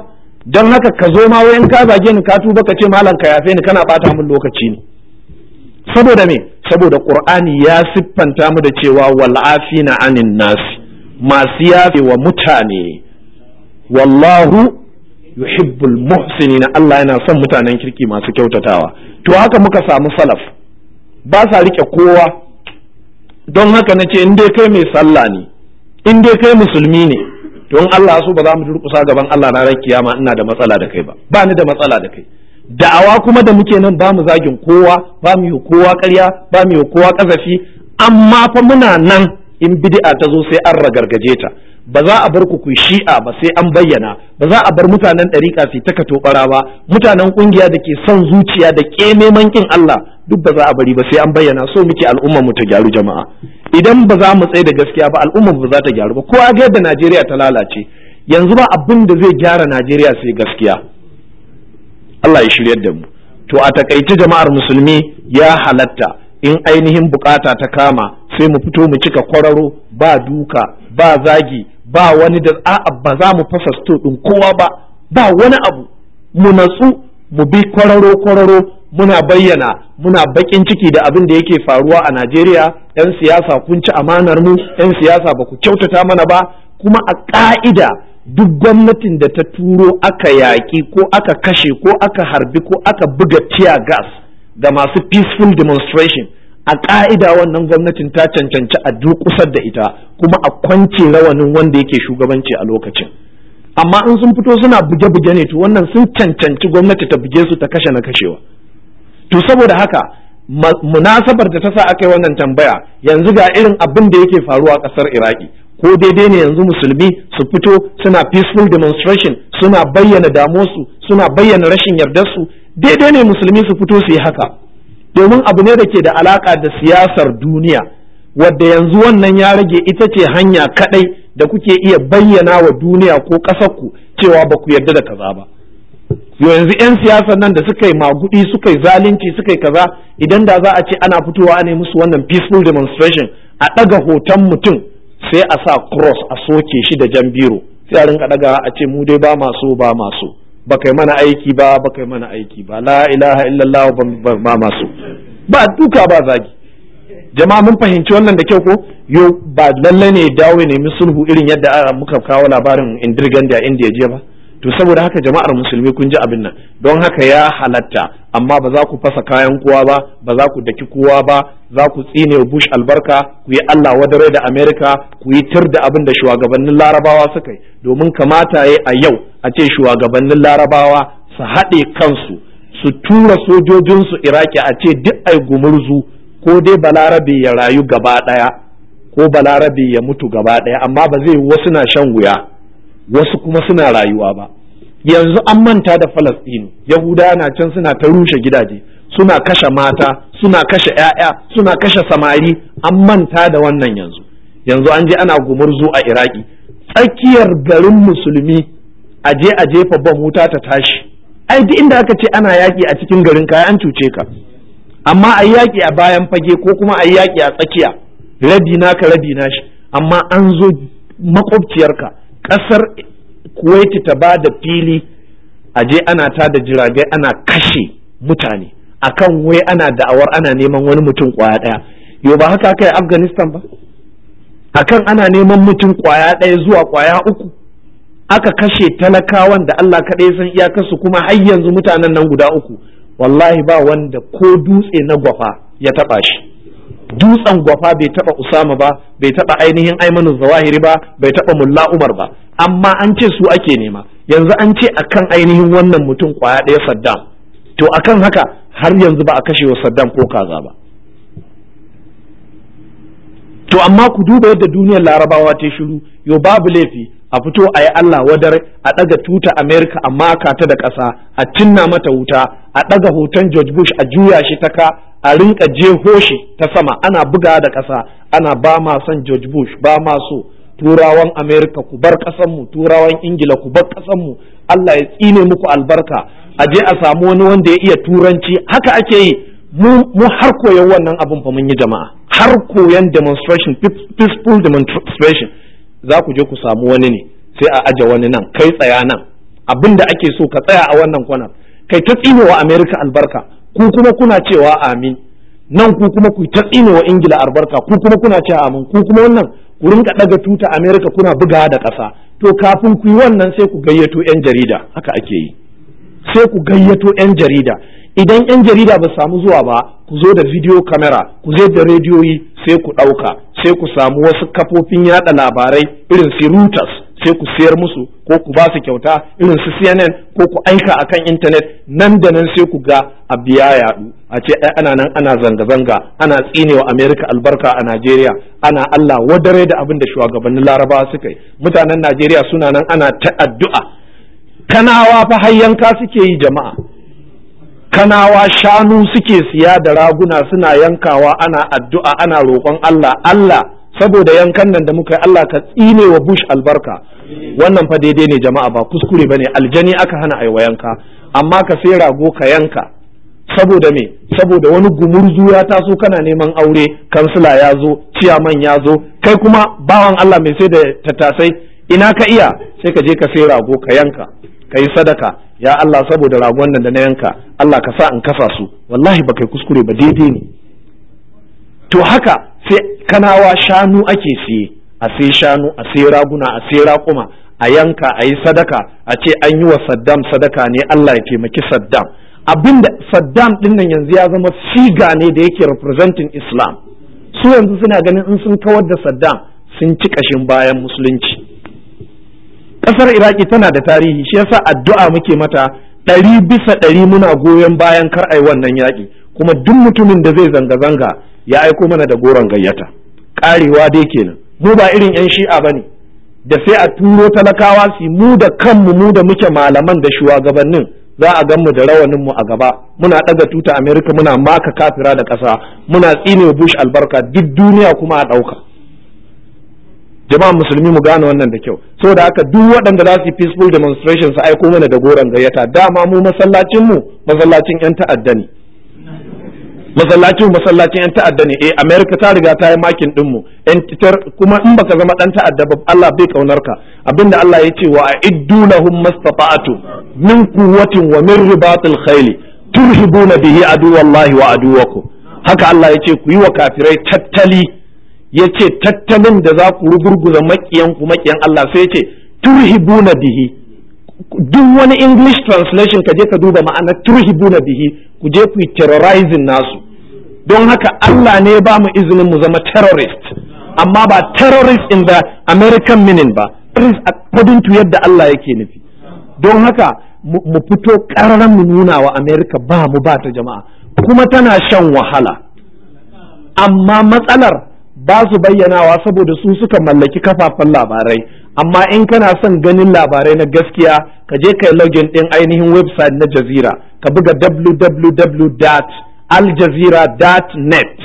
don haka ka zo ma wayan ka zage ni ka tuba ka ce malam ka yafe ni kana bata mun lokaci ne saboda me saboda qur'ani ya siffanta mu da cewa wal afina anin nas masu yafe wa mutane wallahu yuhibbul muhsinina Allah yana son mutanen kirki masu kyautatawa to haka muka samu salaf ba sa rike kowa don haka nace in dai kai mai sallah ne in dai kai musulmi ne to in Allah so ba za mu durkusa gaban Allah na ran kiyama ina da matsala da kai ba ba ni da matsala da kai da'awa kuma da muke nan ba mu zagin kowa ba mu yi kowa ƙarya ba mu yi kowa ƙazafi amma fa muna nan in bid'a ta zo sai an ragargaje ta ba za a bar ku ku shi'a ba sai an bayyana ba za a bar mutanen ɗariƙa su ta katobara ba mutanen ƙungiya da ke son zuciya da neman ƙin Allah duk ba za a bari ba sai an bayyana so muke al'ummar mu ta gyaru jama'a idan ba za mu tsaye da gaskiya ba al'ummar ba za ta gyaru ba kowa ga yadda Najeriya ta lalace yanzu ba abin da zai gyara Najeriya sai gaskiya Allah ya shiryar da mu to a takaice jama'ar musulmi ya halatta in ainihin bukata ta kama sai mu fito mu cika kwararo ba duka ba zagi ba wani da a'a ba za mu fasa sto din kowa ba ba wani abu mu natsu mu bi kwararo kwararo muna bayyana muna bakin ciki da abin da yake faruwa a Najeriya yan siyasa kun ci amanar mu yan siyasa ba ku kyautata mana ba kuma a ƙa'ida duk gwamnatin da ta turo aka yaƙi ko aka kashe ko aka harbi ko aka buga tear gas ga masu peaceful demonstration a ƙa'ida wannan gwamnatin ta cancanci a durƙusar da ita kuma a kwance rawanin wanda yake shugabanci a lokacin amma in sun fito suna buge-buge ne to wannan sun cancanci gwamnati ta buge su ta kashe na kashewa to saboda haka munasabar da ta sa aka yi wannan tambaya yanzu ga irin abin da yake faruwa a ƙasar iraki ko daidai ne yanzu musulmi su fito suna peaceful demonstration suna bayyana damuwarsu suna bayyana rashin yardarsu daidai ne musulmi su fito su yi haka domin abu ne da ke da alaka da siyasar duniya wadda yanzu wannan ya rage ita ce hanya kadai da kuke iya bayyana wa duniya ko ƙasarku cewa ba ku yarda da kaza ba yanzu 'yan siyasar nan da suka yi magudi suka yi zalunci suka yi kaza idan da za a ce ana fitowa ana musu wannan peaceful demonstration a ɗaga hoton mutum sai a sa cross a soke shi da jan biro sai a rinka ɗaga a ce mu dai ba maso ba maso ba kai mana aiki ba ba kai mana aiki ba la ilaha illallah ba masu ba duka ba zagi jama'a mun fahimci wannan da kyau ko yo ba lalle ne dawo ne nemi sulhu irin yadda muka kawo labarin indirgan da indiya je ba to saboda haka jama'ar musulmi kun ji abin nan don haka ya halatta amma ba za ku fasa kayan kowa ba ba za ku daki kowa ba za ku tsine bush albarka ku yi allah wadare da america ku yi tir da abin da shugabannin larabawa suka yi domin kamata ya a yau a ce shugabannin larabawa su haɗe kansu su tura sojojinsu iraki a ce duk ai gumurzu ko dai balarabe ya rayu gaba ɗaya ko balarabe ya mutu gaba ɗaya amma ba zai wasu na shan wuya wasu kuma suna rayuwa ba yanzu an manta da falastinu yahuda na can suna ta rushe gidaje suna kashe mata suna kashe 'ya'ya suna kashe samari an manta da wannan yanzu yanzu an je ana gumurzu a iraki tsakiyar garin musulmi a je a jefa bom wuta ta tashi ai duk inda aka ce ana yaƙi a cikin garin kaya an cuce ka amma a yaƙi a bayan fage ko kuma a yaƙi a tsakiya rabi naka rabi shi. amma an zo makwabciyarka ƙasar kuwaiti ta ba da fili a je ana ta da jirage, ana kashe mutane akan wai ana da'awar ana neman wani mutum kwaya ɗaya yau ba haka aka yi afghanistan ba akan ana neman mutum kwaya ɗaya zuwa kwaya uku aka kashe talakawan da Allah kaɗai san iyakarsu kuma har yanzu mutanen nan guda uku wallahi ba wanda ko dutse na gwafa ya taɓa shi dutsen gwafa bai taba usama ba bai taba ainihin aimanu zawahiri ba bai taba mulla umar ba amma an ce su ake nema yanzu an ce akan ainihin wannan mutum kwaya ɗaya saddam to akan haka har yanzu ba a kashe wa saddam ko kaza ba to amma ku duba yadda duniyar larabawa ta shiru yo babu laifi a fito a yi Allah wadar a ɗaga tuta Amerika amma ka ta da ƙasa a cinna mata wuta a ɗaga hoton George Bush a juya shi ta ka a rinka jeho shi ta sama ana buga da ƙasa ana ba ma son George Bush ba ma so turawan Amerika ku bar ƙasanmu turawan Ingila ku bar ƙasanmu Allah ya tsine muku albarka a je a samu wani wanda ya iya turanci haka ake yi mu har koyan wannan abin fa mun yi jama'a har koyan demonstration peaceful demonstration za ku je ku samu wani ne sai a aje wani nan kai tsaya nan abin da ake so ka tsaya a wannan kwanar kai ta wa america albarka ku kuma kuna cewa amin nan ku kuma ku ta wa ingila albarka ku kuma kuna cewa amin ku kuma wannan ku rinka daga tuta america kuna bugawa da ƙasa to kafin ku yi wannan sai ku gayyato 'yan jarida haka ake yi sai ku gayyato 'yan jarida idan 'yan jarida ba samu zuwa ba ku zo da video kamera ku zo da rediyoyi sai ku ɗauka sai ku samu wasu kafofin yaɗa labarai irin su Reuters sai ku siyar musu ko ku ba su kyauta irin su CNN ko ku aika a kan intanet nan da nan sai ku ga a biya yaɗu a ce ai ana nan ana zanga-zanga ana tsinewa Amerika albarka a Najeriya ana Allah wadare da abin da shugabannin Larabawa suka yi mutanen Najeriya suna nan ana ta addu'a kanawa fa hayyanka suke yi jama'a kanawa shanu suke siya da raguna suna yankawa ana addu'a ana roƙon Allah Allah saboda yankan nan da muka yi Allah ka tsine wa bush albarka wannan fa daidai ne jama'a ba kuskure bane aljani aka hana aiwa yanka amma ka sai rago ka yanka saboda me saboda wani gumurzu ya taso kana neman aure kansila ya zo ciyaman ya zo kai kuma bawan Allah mai sai da tattasai ina ka iya sai ka je ka sai rago ka yanka ka yi sadaka ya Allah saboda ragon nan da na yanka Allah ka sa in kasa su wallahi ba kai kuskure ba daidai ne to haka sai kanawa shanu ake siye a sai shanu a sai raguna a sai raƙuma a yanka a yi sadaka a ce an yi wa Saddam sadaka ne Allah ya taimaki Saddam abinda Saddam din nan yanzu ya zama siga ne da yake representing Islam su yanzu suna ganin in sun kawar da Saddam sun ci kashin bayan musulunci ƙasar iraki tana da tarihi shi yasa addu'a muke mata ɗari bisa ɗari muna goyon bayan kar a yi wannan yaƙi kuma duk mutumin da zai zanga-zanga ya aiko mana da goron gayyata ƙarewa dai kenan mu ba irin 'yan shi'a ba ne da sai a turo talakawa su mu da kanmu mu da muke malaman da shugabannin za a gan mu da rawanin mu a gaba muna ɗaga tuta america muna maka kafira da ƙasa muna tsine bush albarka duk duniya kuma a ɗauka jama'a musulmi mu gane wannan da kyau saboda haka duk waɗanda za su yi peaceful demonstration su aiko mana da goron gayyata dama mu masallacin mu masallacin yan ta'adda ne masallacin masallacin yan ta'adda ne eh america ta riga ta yi makin din mu yan kuma in baka zama dan ta'adda ba Allah bai kaunar ka abinda Allah ya ce wa iddu lahum mastata'atu min quwwatin wa min ribatil khayl turhibuna bihi aduwallahi wa aduwakum haka Allah ya ce ku yi wa kafirai tattali ya ce tattalin da za ku rugurguza ku makiyan Allah sai ya ce turhibuna bihi duk wani English translation ka je ka duba ma'ana turhibuna bihi ku je ku yi terrorizing nasu don haka Allah ne ba mu izinin mu zama terrorist amma ba terrorist in the American meaning ba terrorist according to yadda Allah yake nufi don haka mu fito ƙararren mu nuna wa America ba mu ba ta jama'a kuma tana shan wahala amma matsalar ba su bayyanawa saboda su suka mallaki kafafen labarai amma in kana son ganin labarai na gaskiya ka je kai login din ainihin website na jazira ka buga www.aljazeera.net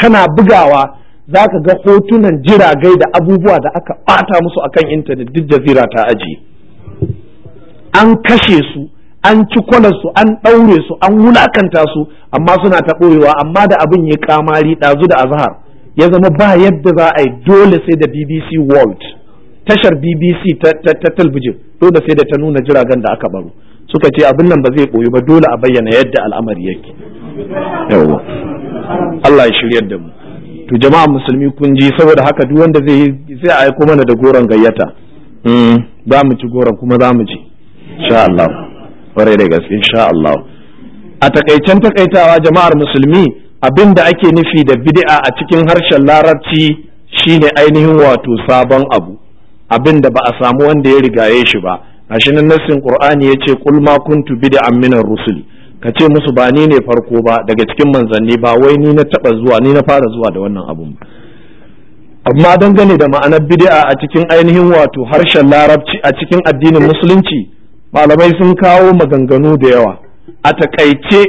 kana bugawa za ka ga hotunan jiragai da abubuwa da aka bata musu akan intanet duk jazira ta aji an kashe su an ci su an ɗaure su an wulakanta su amma suna ta ɓoyewa amma da abin ya kamari ɗazu da azhar ya zama ba yadda za a yi dole sai da BBC World tashar BBC ta talbijin dole sai da ta nuna jiragen da aka baro suka ce abin nan ba zai koyi ba dole a bayyana yadda al'amari yake yawa Allah ya shiryar da mu to jama'a musulmi kun ji saboda haka duk wanda zai zai aiko mana da goron gayyata mm, za mu ci goron kuma za mu ji. insha Allah kwarai da gaske insha Allah a takaicen takaitawa jama'ar musulmi abin da ake nufi da bid'a a cikin harshen larabci shine ainihin wato sabon abu abin da ba a samu wanda ya rigaye shi ba gashi nan nassin qur'ani yace qul ma kuntu bid'an minar rusul ka ce musu ba ni ne farko ba daga cikin manzanni ba wai ni na taba zuwa ni na fara zuwa da wannan abun amma dangane da ma'anar bid'a a cikin ainihin wato harshen larabci a cikin addinin musulunci malamai sun kawo maganganu da yawa a takaice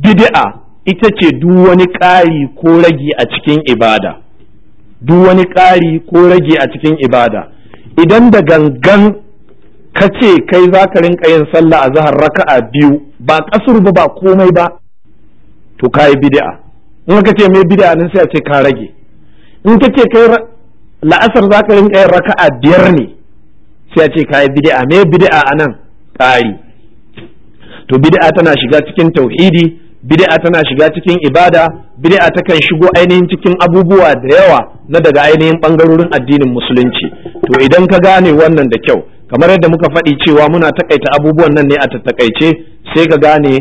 bid'a ita ce duk wani ƙari ko ragi a cikin ibada duk wani ƙari ko ragi a cikin ibada idan da gangan ka ce kai za ka rinka yin sallah a zahar raka'a biyu ba kasur ba ba komai ba to ka yi bid'a in ka ce mai bid'a nan sai a ce ka rage in ka ce kai la'asar za ka rinka yin raka'a biyar ne sai a ce ka yi bid'a mai bid'a a nan ƙari to bid'a tana shiga cikin tauhidi bid'a tana shiga cikin ibada bid'a takan shigo ainihin cikin abubuwa da yawa na daga ainihin bangarorin addinin musulunci to idan ka gane wannan da kyau kamar yadda muka faɗi cewa muna takaita abubuwan nan ne a tattakaice sai ka gane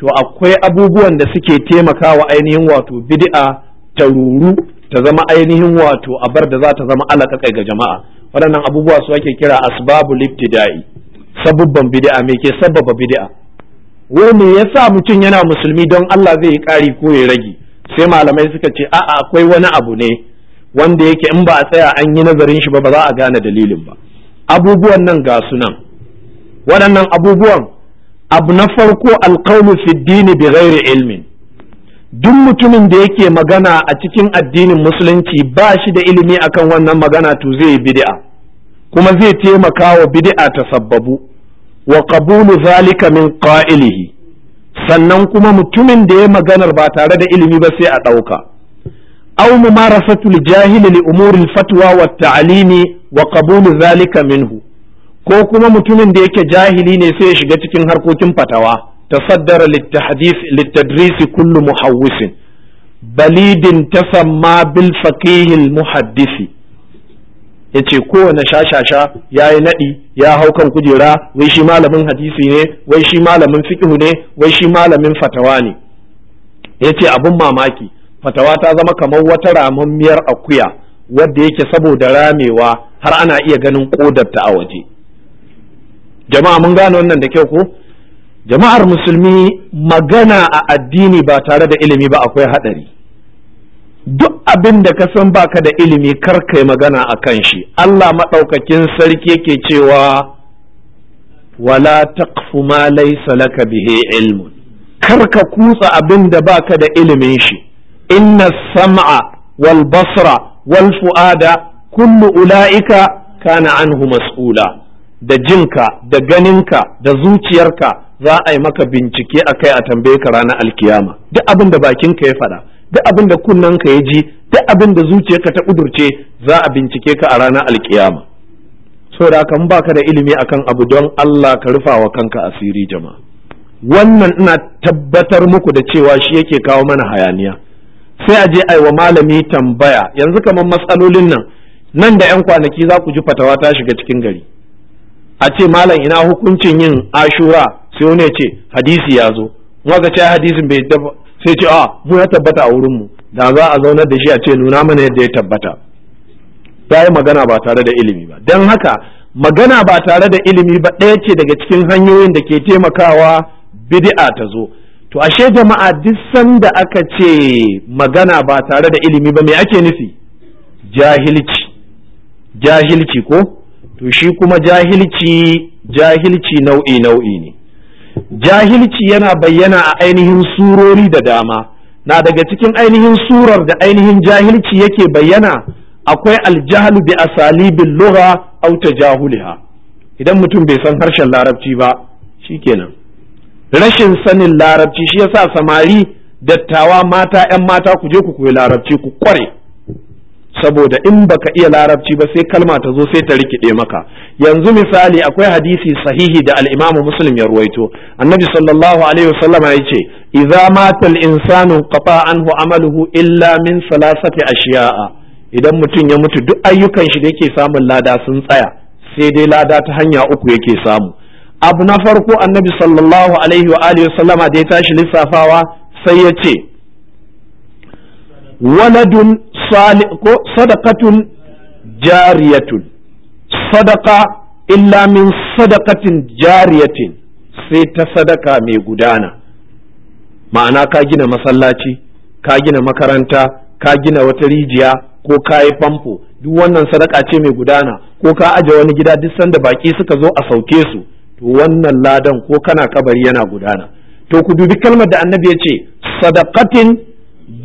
to akwai abubuwan da suke taimakawa ainihin wato bid'a ta ruru ta zama ainihin wato a bar da za ta zama alaƙaƙai ga jama'a waɗannan abubuwa su ake kira asbabul ibtida'i sabubban bid'a me ke sababa bid'a wai me yasa mutum yana musulmi don Allah zai yi ƙari ko ya rage sai malamai suka ce a'a akwai wani abu ne wanda yake in ba a tsaya an yi nazarin shi ba ba za a gane dalilin ba abubuwan nan ga su nan. waɗannan abubuwan abu na farko alƙaunu fi dini bi ghairi ilmin duk mutumin da yake magana a cikin addinin musulunci ba shi da ilimi akan wannan magana to zai yi bid'a kuma zai taimaka wa bid'a ta sabbabu wa qabulu zalika min qa'ilihi sannan kuma mutumin da ya maganar ba tare da ilimi ba sai a ɗauka aw mumarasatul jahil li umurin fatwa wa ta'limi wa qabulu zalika minhu ko kuma mutumin da yake jahili ne sai ya shiga cikin harkokin fatawa tasaddara littadrisi kullu muhawwisin balidin tasamma bil faqihil muhaddisi ya ce kowane shashasha ya yi naɗi ya hau kan kujera wai shi malamin hadisi ne wai shi malamin fiƙihu ne wai shi malamin fatawa ne ya ce abin mamaki fatawa ta zama kamar wata ramammiyar akuya wadda yake saboda ramewa har ana iya ganin ƙodarta a waje jama'a mun gane wannan da kyau ko jama'ar musulmi magana a addini ba tare da ilimi ba akwai haɗari duk abin da ka san baka da ilimi kar kai magana a kan shi Allah maɗaukakin sarki yake cewa wala taqfu ma laysa laka bihi ilmun kar ka kutsa abin da baka da ilimin shi inna sam'a wal basra wal fuada kullu ula'ika kana anhu mas'ula da jinka da ganinka da zuciyarka za a yi maka bincike akai a tambaye ka ranar alkiyama duk abin da bakinka ya faɗa duk abin da kunnen ka ya ji duk abin da zuciyarka ta kudurce za a bincike ka a ranar alkiyama saboda haka mun baka da ilimi akan abu don Allah ka rufa wa kanka asiri jama'a wannan ina tabbatar muku da cewa shi yake kawo mana hayaniya sai a je aiwa malami tambaya yanzu kamar matsalolin nan nan da 'yan kwanaki za ku ji fatawa ta shiga cikin gari a ce malam ina hukuncin yin ashura sai wani ya ce hadisi ya zo in hadisin bai sai ce a mu ya tabbata a wurinmu da za a zaunar da shi a ce nuna mana yadda ya tabbata ta yi magana ba tare da ilimi ba don haka magana ba tare da ilimi ba ɗaya ce daga cikin hanyoyin da ke taimakawa bid'a ta zo to ashe jama'a duk sanda aka ce magana ba tare da ilimi ba me ake nufi jahilci jahilci ko to shi kuma jahilci jahilci nau'i nau'i ne jahilci yana bayyana a ainihin surori da dama na daga cikin ainihin surar da ainihin jahilci yake bayyana akwai aljahlu bi asalibin lugha aw tajahuliha idan mutum bai san harshen larabci ba shikenan rashin sanin larabci shi yasa samari dattawa mata yan mata ku je ku koyi larabci ku kware saboda in baka iya larabci ba sai kalma ta zo sai ta rikide maka yanzu misali akwai hadisi sahihi da al-Imam Muslim ya ruwaito annabi sallallahu alaihi wasallam ya ce idza mata al-insanu qata anhu amaluhu illa min salasati ashiya'a idan mutum ya mutu duk ayyukan shi da yake samun lada sun tsaya sai dai lada ta hanya uku yake samu abu na farko annabi sallallahu alaihi wa alihi wasallama da ya tashi lissafawa sai ya ce waladun ko sadaqatun jariyatun sadaqa illa min sadaqatin jariyatin sai ta sadaka mai gudana ma'ana ka gina masallaci ka gina makaranta ka gina wata rijiya ko ka yi famfo duk wannan sadaka ce mai gudana ko ka aje wani gida duk sanda baki suka zo a sauke su to wannan ladan ko kana kabari yana gudana to ku dubi kalmar da annabi ya ce sadaqatin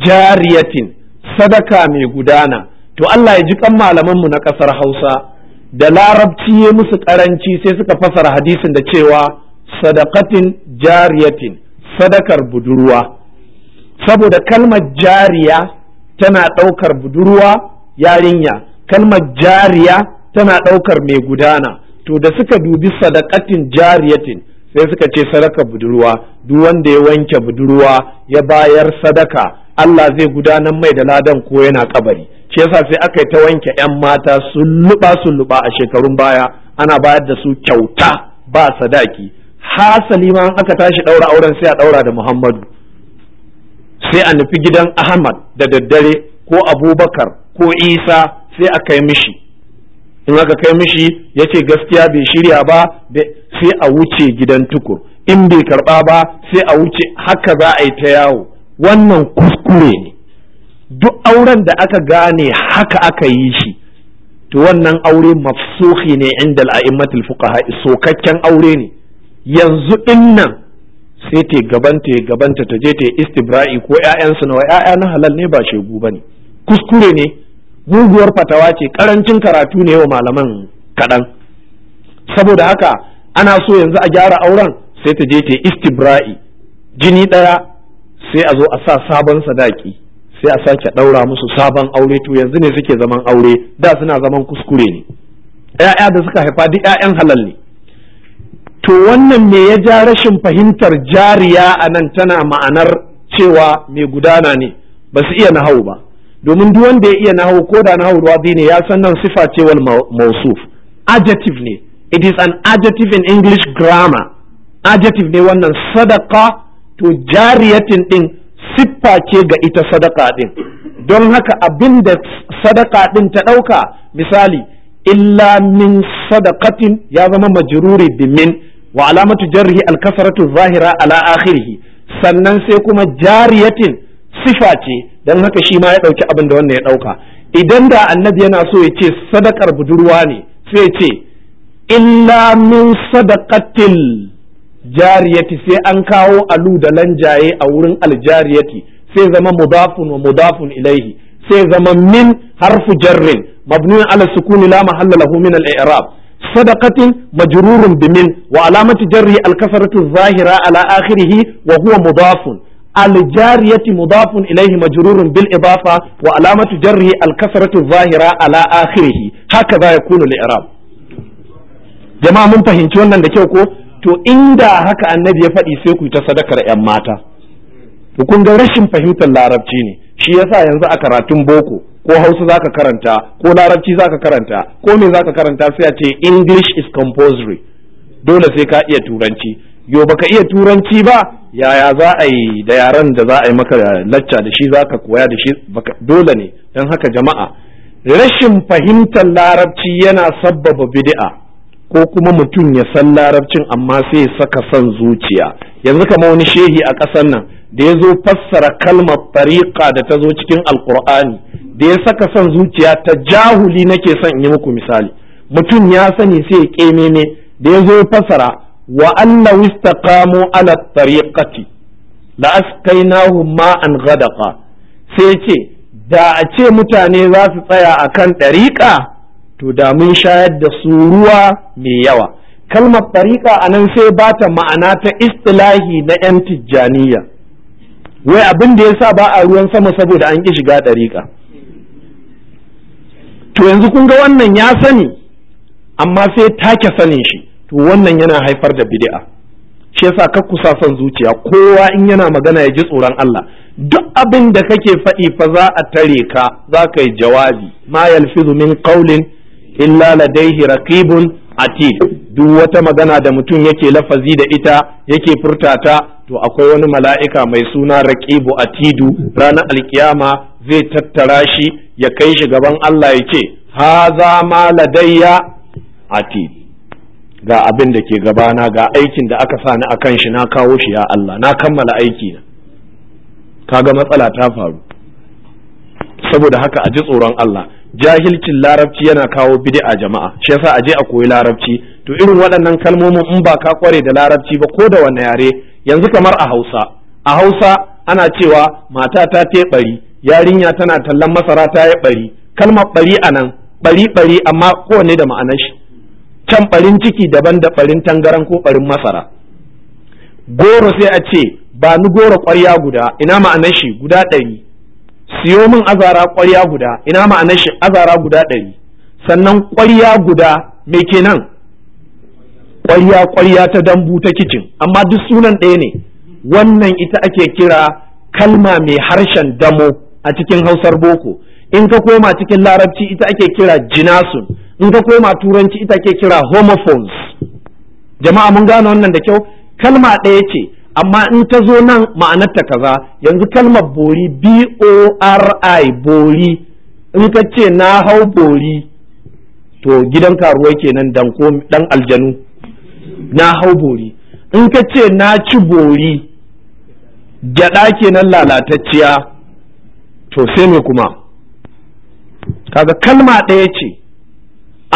jariyatin sadaka mai gudana to Allah ya ji kan malamanmu na ƙasar Hausa da larabci ya musu ƙaranci sai suka fasara hadisin da cewa sadakatin jariyatin sadakar budurwa saboda kalmar jariya tana ɗaukar budurwa yarinya kalmar jariya tana ɗaukar mai gudana to da suka dubi sadakatin jariyatin sai suka ce sadakar budurwa duk wanda ya wanke budurwa ya bayar sadaka Allah zai gudanar mai da ladan ko yana kabari shi yasa sai aka yi ta wanke 'yan mata sulluɓa sulluɓa a shekarun baya ana bayar da su kyauta ba sadaki hasali ma aka tashi ɗaura auren sai a ɗaura da muhammadu sai a nufi gidan ahmad da daddare ko abubakar ko isa sai a kai mishi in aka kai mishi yace gaskiya bai shirya ba sai a wuce gidan tukur in bai karɓa ba sai a wuce haka za a yi ta yawo wannan kuskure ne duk auren da aka gane haka aka yi shi to wannan aure mafsuhi ne inda al'a'immatul fuqaha sokakken aure ne yanzu dinnan sai ta gabanta ya gabanta ta je ta istibra'i ko ƴaƴansu nawa ƴaƴa na halal ne ba shegu bane kuskure ne muguwar fatawa ce karancin karatu ne wa malaman kaɗan saboda haka ana so yanzu a gyara auren sai ta je ta istibra'i jini ɗaya sai a zo a sa sabon sadaki sai a sake ɗaura musu sabon aure to yanzu ne suke zaman aure da suna zaman kuskure ne ‘ya'ya da suka haifa duk ‘ya'yan halal ne to wannan me ya ja rashin fahimtar jariya a nan tana ma'anar cewa mai gudana ne ba su iya nahau ba domin duk wanda ya iya nahau ko da nahau ruwazi ne ya san nan sifa ce wal mausuf adjective ne it is an adjective in english grammar adjective ne wannan sadaka to jariyatin ɗin siffa ce ga ita sadaka ɗin don haka abin da sadaka ɗin ta ɗauka misali illa min sadakatin ya zama majruri bi min wa alamatu jarrihi alkasaratu zahira ala akhirih sannan sai kuma jariyatin sifa ce don haka shi ma ya ɗauki abin da wannan ya ɗauka idan da annabi yana so ya ce sadakar budurwa ne sai ya ce illa min sadaqatil jariyati sai an kawo alu da lanjaye a wurin aljariyati sai zama mudafun wa mudafun ilaihi sai zama min harfu jarrin mabnun ala sukuni la mahalla lahu min al-i'rab sadaqatin majrurun bimin wa alamati jarri al-kasratu zahira ala akhirih wa huwa mudafun al-jariyati mudafun ilayhi majrurun bil idafa wa alamatu jarri al-kasratu zahira ala akhirih hakaza yakunu al-i'rab jama'a mun fahimci wannan da kyau ko to inda haka annabi ya faɗi sai ku yi ta sadakar 'yan mata to kun ga rashin fahimtar larabci ne shi yasa yanzu a karatun boko ko hausa za ka karanta ko larabci za ka karanta ko me za ka karanta sai a ce english is compulsory dole sai ka iya turanci yo baka iya turanci ba yaya za a yi da yaran da za a yi maka lacca da shi za ka koya da shi dole ne don haka jama'a rashin fahimtar larabci yana sabbaba bidi'a. ko kuma mutum ya san larabcin amma sai ya saka son zuciya yanzu kamar wani shehi a ƙasar nan da ya zo fassara kalmar fariƙa da ta zo cikin alkur'ani da ya saka son zuciya ta jahuli nake son in yi muku misali mutum ya sani sai ya ƙememe da ya zo fassara wa anna wistaqamu ala tariqati la askainahum ma'an ghadaqa sai ce da a ce mutane za su tsaya akan ɗariƙa to da mun shayar da su ruwa mai yawa kalmar fariƙa a nan sai ba ta ma'ana ta istilahi na 'yan tijjaniya wai abin da ya sa ba a ruwan sama saboda an ƙi shiga ɗariƙa to yanzu kun ga wannan ya sani amma sai take sanin shi to wannan yana haifar da bid'a shi yasa ka kusa son zuciya kowa in yana magana ya ji tsoron Allah duk abin da kake faɗi fa za a tare ka za ka yi jawabi ma yalfizu min qawlin illa ladaihi raqibun atid duk wata magana da mutum yake lafazi da ita yake furtata, to akwai wani mala'ika mai suna raqibu atidu ranar alkiyama zai tattara shi ya kai shi gaban Allah ya ce haza ma ladayya atid ga abin da ke gabana ga aikin da aka sani akan shi na kawo shi ya Allah na kammala aiki na kaga matsala ta faru saboda haka a ji tsoron Allah jahilcin larabci yana kawo bid'a jama'a shi yasa je a koyi larabci to irin waɗannan kalmomin in ba ka kware da larabci ba ko da wani yare yanzu kamar a Hausa a Hausa ana cewa mata ta te bari yarinya tana tallan masara ta yi bari kalmar bari anan bari bari amma ne da ma'anar shi can barin ciki daban da barin tangaran ko barin masara goro sai a ce ba ni goro ƙwarya guda ina ma'anar shi guda ɗari siyo min azara ƙwarya guda ina ma'anar shi azara guda ɗari sannan ƙwarya guda me kenan ƙwarya ƙwarya ta dambu ta kicin amma duk sunan ɗaya ne wannan ita ake kira kalma mai harshen damo a cikin hausar boko in ka koma cikin larabci ita ake kira jinasun in ka koma turanci ita ake kira homophones jama'a mun gane wannan da kyau kalma ɗaya ce amma in ta zo nan ma'anarta kaza yanzu kalmar bori b o r i bori in ka ce na hau bori to gidan karuwa kenan dan ko dan aljanu na hau bori in ka ce na ci bori gyada kenan lalatacciya to sai me kuma kaga kalma ɗaya ce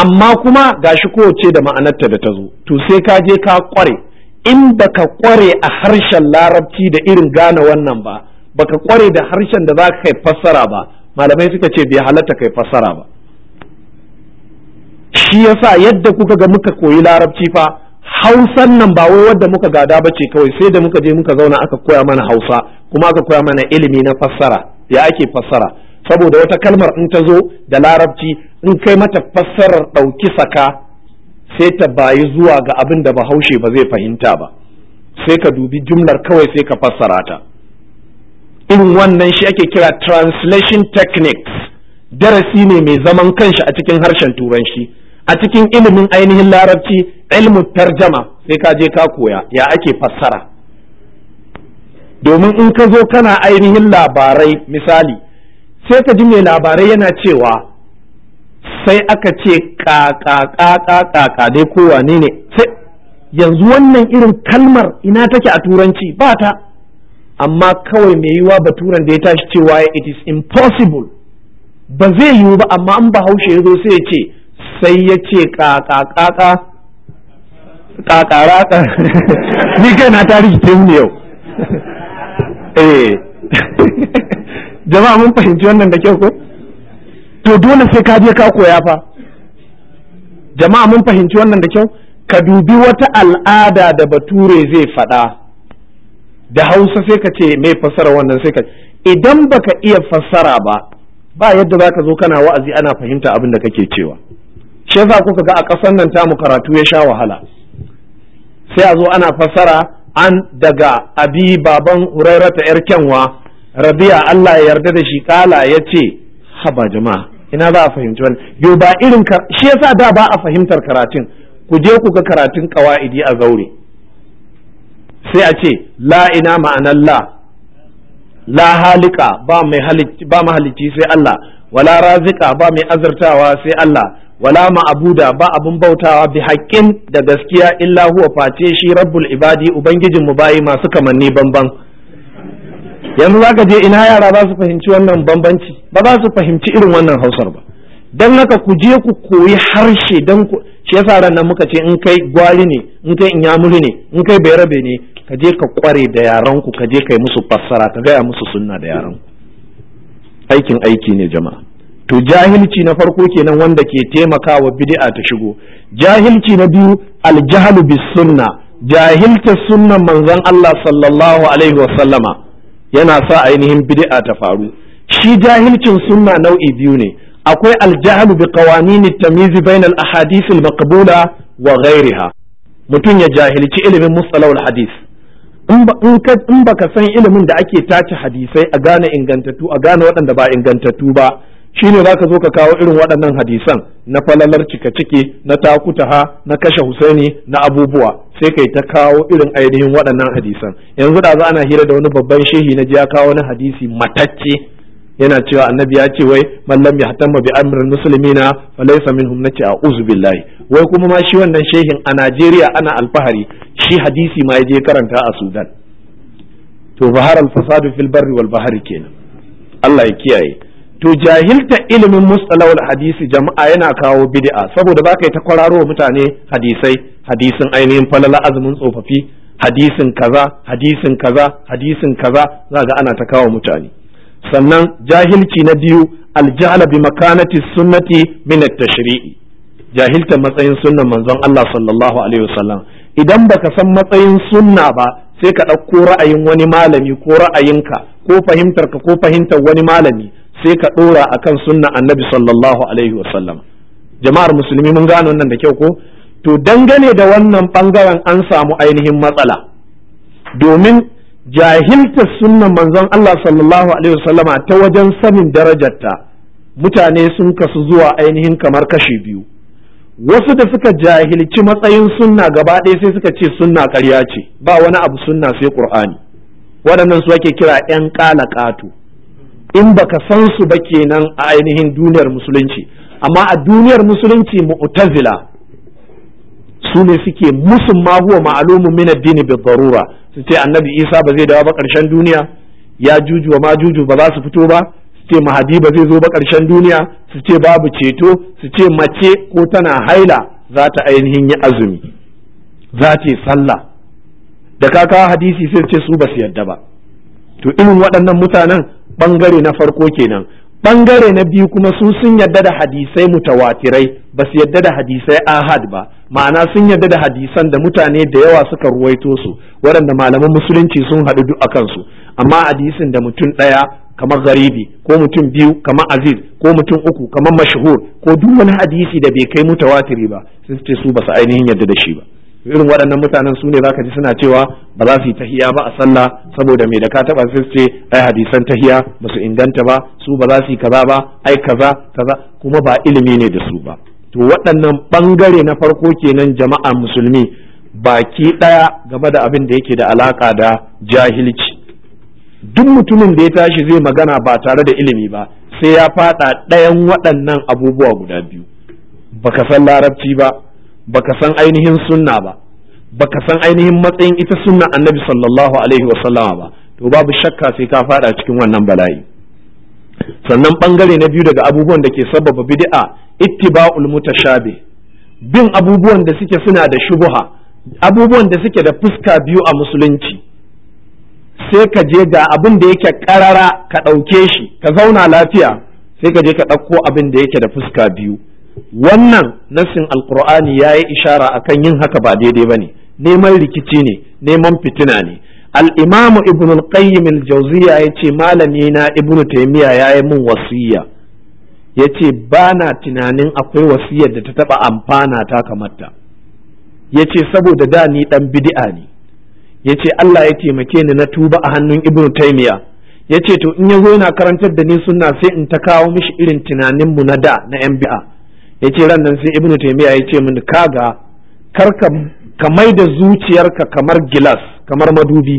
amma kuma gashi kowace da ma'anarta da ta zo to sai ka je ka kware in baka kware a harshen larabci da irin gane wannan ba baka kware da harshen da za ka kai fassara ba malamai suka ce bai halatta kai fassara ba shi yasa yadda kuka ga muka koyi larabci fa hausan nan ba wai wadda muka gada ba ce kawai sai da muka je muka zauna aka koya mana hausa kuma aka koya mana ilimi na fassara ya ake fassara saboda wata kalmar in ta zo da larabci in kai mata fassarar ɗauki saka sai ta bayi zuwa ga abin da bahaushe ba zai fahimta ba sai ka dubi jumlar kawai sai ka fassara ta in wannan shi ake kira translation techniques darasi ne mai zaman kanshi a cikin harshen turanci a cikin ilimin ainihin larabci ilmu tarjama sai ka je ka koya ya ake fassara domin in ka zo kana ainihin labarai misali sai ka ji mai labarai yana cewa sai aka ce ƙaƙaƙaƙaƙa dai kowane ne sai yanzu wannan irin kalmar ina take a turanci ba ta amma kawai mai yiwa baturan da ya tashi cewa it is impossible ba zai yiwu ba amma an bahaushe ya zo sai ya ce sai ya ce ƙaƙaƙaƙa ni kai na tarihi ta yau eh jama'a mun fahimci wannan da kyau ko to dole sai ka je ka koya fa jama'a mun fahimci wannan da kyau ka dubi wata al'ada da bature zai faɗa da hausa sai ka ce mai fassara wannan sai ka idan baka iya fassara ba ba yadda za ka zo kana wa'azi ana fahimta abin da kake cewa shi yasa kuka ga a ƙasar nan tamu karatu ya sha wahala sai a zo ana fassara an daga abi baban hurairata yar kyanwa rabi'a Allah ya yarda da shi kala ya ce haba jama'a ina za a fahimci wani Yau ba irin shi yasa da ba a fahimtar karatun ku je ku ga karatun ƙawa'idi a zaure sai a ce la ina ma'anar la la halika ba mai halicci ba mahalicci sai Allah wala razika ba mai azartawa sai Allah wala ma'abuda ba abun bautawa bi haƙƙin da gaskiya illa huwa face shi rabbul ibadi ubangijin mu bayi masu kamanni banban yanzu za ka je ina yara ba su fahimci wannan bambanci ba za su fahimci irin wannan hausar ba don haka ku je ku koyi harshe don ku shi yasa ran nan muka ce in kai gwari ne in kai inyamuri ne in kai bayarabe ne ka je ka kware da yaran ku ka je kai musu fassara ka gaya musu sunna da yaran ku aikin aiki ne jama'a to jahilci na farko kenan wanda ke taimakawa bid'a ta shigo jahilci na biyu aljahlu bis sunna jahilta sunnan manzon Allah sallallahu alaihi wa sallama yana sa ainihin bid'a ta faru shi jahilcin sunna nau'i biyu ne akwai aljahlu bi qawanin at-tamyiz bayna al-ahadith al-maqbula wa ghayriha mutum ya jahilci ilimin mustalahul hadis. in baka san ilimin da ake tace hadisai a gane ingantattu a gane waɗanda ba ingantattu ba Shi ne za ka zo ka kawo irin waɗannan hadisan na falalar cika ciki na takutaha na kashe husaini na abubuwa sai kai ta kawo irin ainihin waɗannan hadisan yanzu da za ana hira da wani babban shehi na ya kawo wani hadisi matacce yana cewa annabi ya ce wai mallam ya hatamma bi amrin muslimina falaysa minhum nace a'udhu billahi wai kuma ma shi wannan shehin a Najeriya ana alfahari shi hadisi ma yaje karanta a Sudan to bahar fasadu fil barri wal bahri kenan Allah ya kiyaye to jahilta ilimin mustalawul hadisi jama'a yana kawo bid'a saboda baka yi ta kwararo mutane hadisai hadisin ainihin falala azumin tsofaffi hadisin kaza hadisin kaza hadisin kaza za ga ana ta kawo mutane sannan jahilci na biyu aljahala bi makanati sunnati min at-tashri'i jahilta matsayin sunnan manzon Allah sallallahu alaihi wasallam idan baka san matsayin sunna ba sai ka ɗauko ra'ayin wani malami ko ra'ayinka ko fahimtarka ko fahimtar wani malami sai ka ɗora a kan sunna annabi sallallahu alaihi wasallam jama'ar musulmi mun gano nan da kyau ko to dangane da wannan bangaren an samu ainihin matsala domin jahilta sunnan manzon Allah sallallahu alaihi wasallama ta wajen sanin darajarta mutane sun kasu zuwa ainihin kamar kashi biyu wasu da suka jahilci matsayin sunna gaba ɗaya sai suka ce sunna ƙarya ce ba wani abu sunna sai ƙur'ani waɗannan su ake kira 'yan ƙala ƙato in baka san su ba kenan a ainihin duniyar musulunci amma a duniyar musulunci mu'tazila su ne suke musun ma huwa ma'lumun min addini bi darura su ce annabi Isa ba zai dawo ba karshen duniya ya juju ma juju ba za su fito ba su ce mahadi ba zai zo ba karshen duniya su ce babu ceto su ce mace ko tana haila za ta ainihin yi azumi za ta sallah da kaka hadisi sai ce su ba su yarda ba to irin waɗannan mutanen bangare na farko kenan bangare na biyu kuma su sun yadda da hadisai mutawatirai ba su yadda da hadisai ahad ba ma'ana sun yadda da hadisan da mutane da yawa suka ruwaito su waɗanda malaman musulunci sun haɗu duk akan su amma hadisin da mutum ɗaya kamar garibi ko mutum biyu kamar aziz ko mutum uku kamar mashahur, ko duk wani hadisi da bai kai mutawatiri ba sun ce su ba su ainihin yadda da shi ba irin waɗannan mutanen su ne za ka ji suna cewa ba za su yi tahiya ba a sallah saboda mai da ka taɓa sai su ce ai hadisan tahiya ba su inganta ba su ba za su yi kaza ba ai kaza kaza kuma ba ilimi ne da su ba to waɗannan ɓangare na farko kenan jama'a musulmi baki ɗaya game da abin da yake da alaƙa da jahilci duk mutumin da ya tashi zai magana ba tare da ilimi ba sai ya faɗa ɗayan waɗannan abubuwa guda biyu baka san larabci ba baka san ainihin sunna ba baka san ainihin matsayin ita sunna annabi sallallahu alaihi sallama ba to babu shakka sai ka fada cikin wannan bala'i sannan bangare na biyu daga abubuwan da ke sababa bid'a ittiba'ul mutashabi bin abubuwan da suke suna da shubuha abubuwan da suke da fuska biyu a musulunci sai ka je ga abin da yake karara ka ɗauke shi ka zauna lafiya sai ka je ka ɗauko abin da yake da fuska biyu wannan nassin alqur'ani yayi ishara akan yin haka ba daidai ba ne. neman rikici ne neman fitina ne al-imam ibn al-qayyim al-jawziya yace malami na ibnu taymiya yayi mun wasiya yace ba na tunanin akwai wasiyar da ta taba amfana ta kamar ta yace saboda da ni dan bid'a ne yace Allah ya taimake ni na tuba a hannun Ibn taymiya ya ce to in ya zo yana karantar da ni sunna sai in ta kawo mishi irin tunaninmu na da na yan bi'a Ya ce, ran nan sai ibnu ya ce min kaga karka ka mai da zuciyarka kamar gilas kamar madubi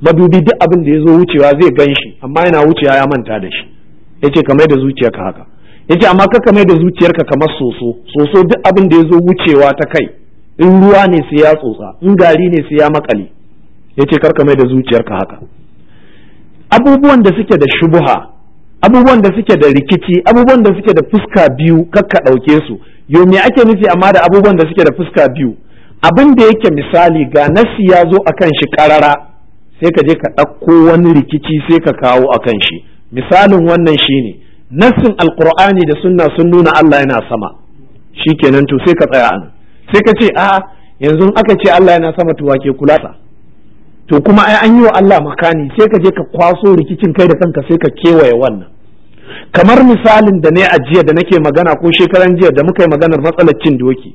madubi duk abin da ya zo wucewa zai gan shi amma yana wucewa ya manta da shi Ya ce, ka mai da zuciyarka haka Ya ce, amma ka mai da zuciyarka kamar soso soso duk abin da ya zo wucewa ta kai in ruwa ne sai ya tsotsa in gari ne sai ya makale ce, kar ka mai da zuciyarka haka abubuwan da suke da shubuha abubuwan da suke da rikici abubuwan da suke da fuska biyu kakka ɗauke su yo me ake nufi amma da abubuwan da suke da fuska biyu abin da yake misali ga nasi ya zo akan shi karara sai ka je ka ɗauko wani rikici sai ka kawo akan shi misalin wannan shine nassin alqur'ani da sunna sun nuna Allah yana sama shikenan to sai ka tsaya an sai ka ce a yanzu aka ce Allah yana sama to wake kulatsa? to kuma ai an yi wa Allah makani sai ka je ka kwaso rikicin kai da kanka sai ka kewaye wannan kamar misalin da ne a jiya da nake magana ko shekaran jiya da muka yi maganar matsalar cin doki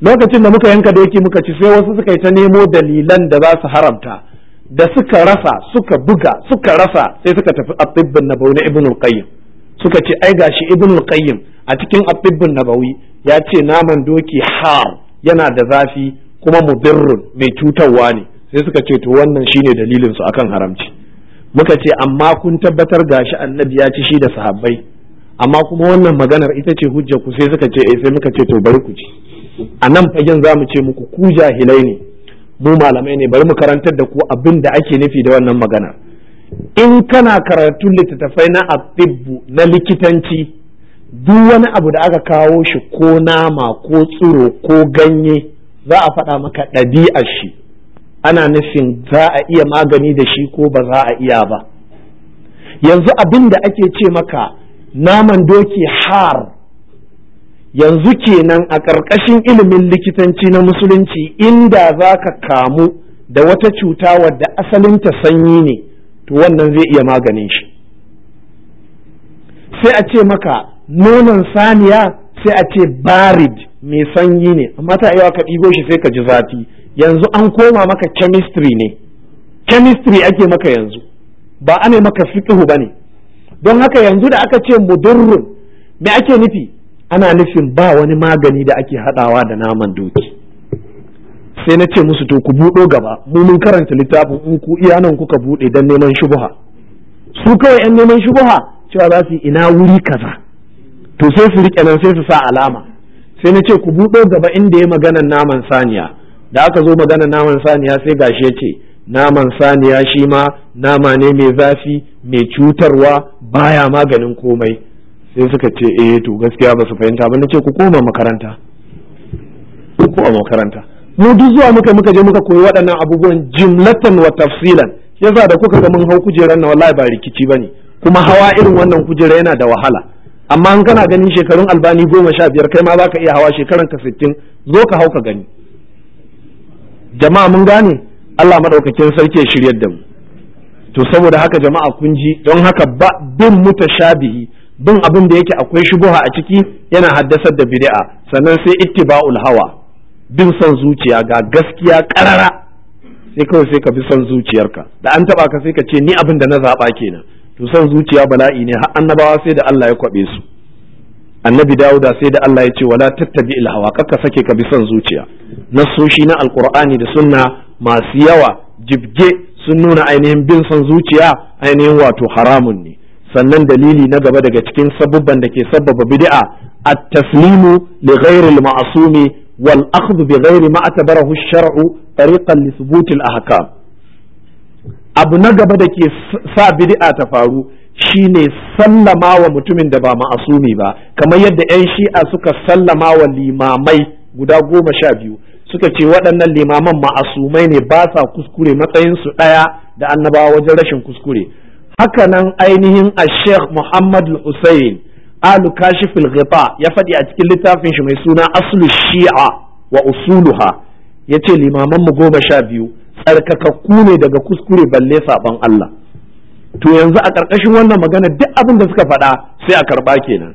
lokacin da muka yanka doki muka ci sai wasu suka yi ta nemo dalilan da za su haramta da suka rasa suka buga suka rasa sai suka tafi abubuwan nabawi na ibnul qayyim suka ce ai gashi ibnul qayyim a cikin abbibbin nabawi ya ce naman doki har yana da zafi kuma mudirrun mai cutarwa ne sai suka ce to wannan shine dalilin su akan haramci muka ce amma kun tabbatar ga shi annabi ya ci shi da sahabbai amma kuma wannan maganar ita ce hujja ku sai suka ce eh, sai muka ce to bari ku ci a nan fagen za mu ce muku ku jahilai ne mu malamai ne bari mu karantar da ku abin da ake nufi da wannan magana in kana karatun littattafai na atibbu na likitanci duk wani abu da aka kawo shi ko nama ko tsiro ko ganye za a faɗa maka ɗabi'ar shi ana nufin za a iya magani da shi ko ba za a iya ba yanzu abin da ake ce maka naman doki har yanzu kenan a ƙarƙashin ilimin likitanci na musulunci inda za ka kamu da wata cuta wadda asalinta sanyi ne to wannan zai iya maganin shi sai a ce maka nonon saniya sai a ce barid mai sanyi ne amma ta yawa ka ɗigo shi sai ka ji zafi yanzu an koma maka chemistry ne chemistry ake maka yanzu ba ana maka fiqhu bane don haka yanzu da aka ce mudurrun me ake nufi ana nufin ba wani magani da ake hadawa da naman doki sai na ce musu to ku buɗo gaba mu mun karanta littafin in ku iya nan kuka buɗe dan neman shubuha su kawai yan neman shubuha cewa za su ina wuri kaza to sai su rike nan sai su sa alama sai na ce ku buɗo gaba inda ya maganan naman saniya da aka zo magana naman saniya sai gashi ya ce naman saniya shi ma nama ne mai zafi mai cutarwa baya maganin komai sai suka ce eh to gaskiya ba su fahimta ba ce ku koma makaranta ku koma makaranta mu duk zuwa muka muka je muka koyi waɗannan abubuwan jimlatan wa tafsilan yasa da kuka ga mun hau kujerar na wallahi ba rikici bane kuma hawa irin wannan kujera yana da wahala amma in kana ganin shekarun albani goma sha biyar kai ma za ka iya hawa shekaran ka sittin zo ka hau ka gani jama'a mun gane Allah madaukakin sarki ya shiryar da mu to saboda haka jama'a kun ji don haka ba bin mutashabihi bin abin da yake akwai shubuha a ciki yana haddasar da bid'a sannan sai ittiba'ul hawa bin son zuciya ga gaskiya karara sai kawai sai ka bi son zuciyarka da an taba ka sai ka ce ni abin da na zaba kenan to son zuciya bala'i ne har annabawa sai da Allah ya kwabe su annabi dawuda sai da Allah ya ce wala tattabi'il hawa kakka sake ka bi son zuciya Nasoshi na alkur'ani da sunna masu yawa jibge sun nuna ainihin bin son zuciya ainihin wato haramun ne sannan dalili na gaba daga cikin sabubban da ke sabbaba bid'a at-taslimu li ghayri al-ma'sumi wal akhdh bi ghayri ma atabarahu ash-shar'u tariqan li thubut al-ahkam abu na gaba da ke sa bid'a ta faru shine sallama wa mutumin da ba ma'asumi ba kamar yadda 'yan shi'a suka sallama wa limamai guda goma sha biyu suka ce waɗannan limaman ma'asumai ne ba sa kuskure matsayinsu ɗaya da annabawa wajen rashin kuskure Haka nan ainihin a ashek muhammad hussein alu kashifil ghita ya faɗi a cikin littafin shi mai suna aslu shi'a wa usuluha ya ce limaman mu goma sha biyu tsarkakakku ne daga kuskure balle saban Allah to yanzu a ƙarƙashin wannan magana duk abin da suka faɗa sai a karɓa kenan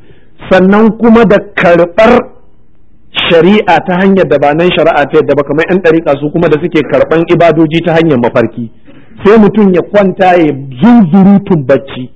sannan kuma da karɓar shari'a ta hanyar da ba nan shari'a ta yadda ba kamar yan ɗariƙa su kuma da suke karɓan ibadoji ta hanyar mafarki sai mutum ya kwanta ya zunzurutun bacci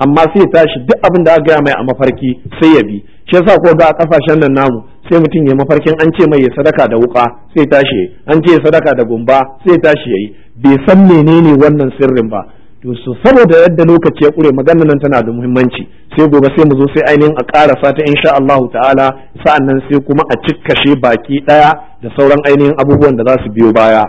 amma sai ya tashi duk abin da aka gaya mai a mafarki sai ya bi shi yasa ko ga a kasashen nan namu sai mutum ya mafarkin an ce mai ya sadaka da wuka sai tashi an ce ya sadaka da gumba sai tashi yayi bai san menene wannan sirrin ba to so saboda yadda lokaci ya kure magana nan tana da muhimmanci sai gobe sai mu zo sai ainihin a ƙara in insha Allah ta'ala nan sai kuma a cikkashe baki ɗaya da sauran ainihin abubuwan da za su biyo baya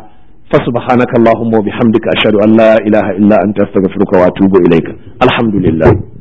fa subhanakallahumma wa bihamdika ashhadu an la ilaha illa anta astaghfiruka wa atubu ilaika alhamdulillah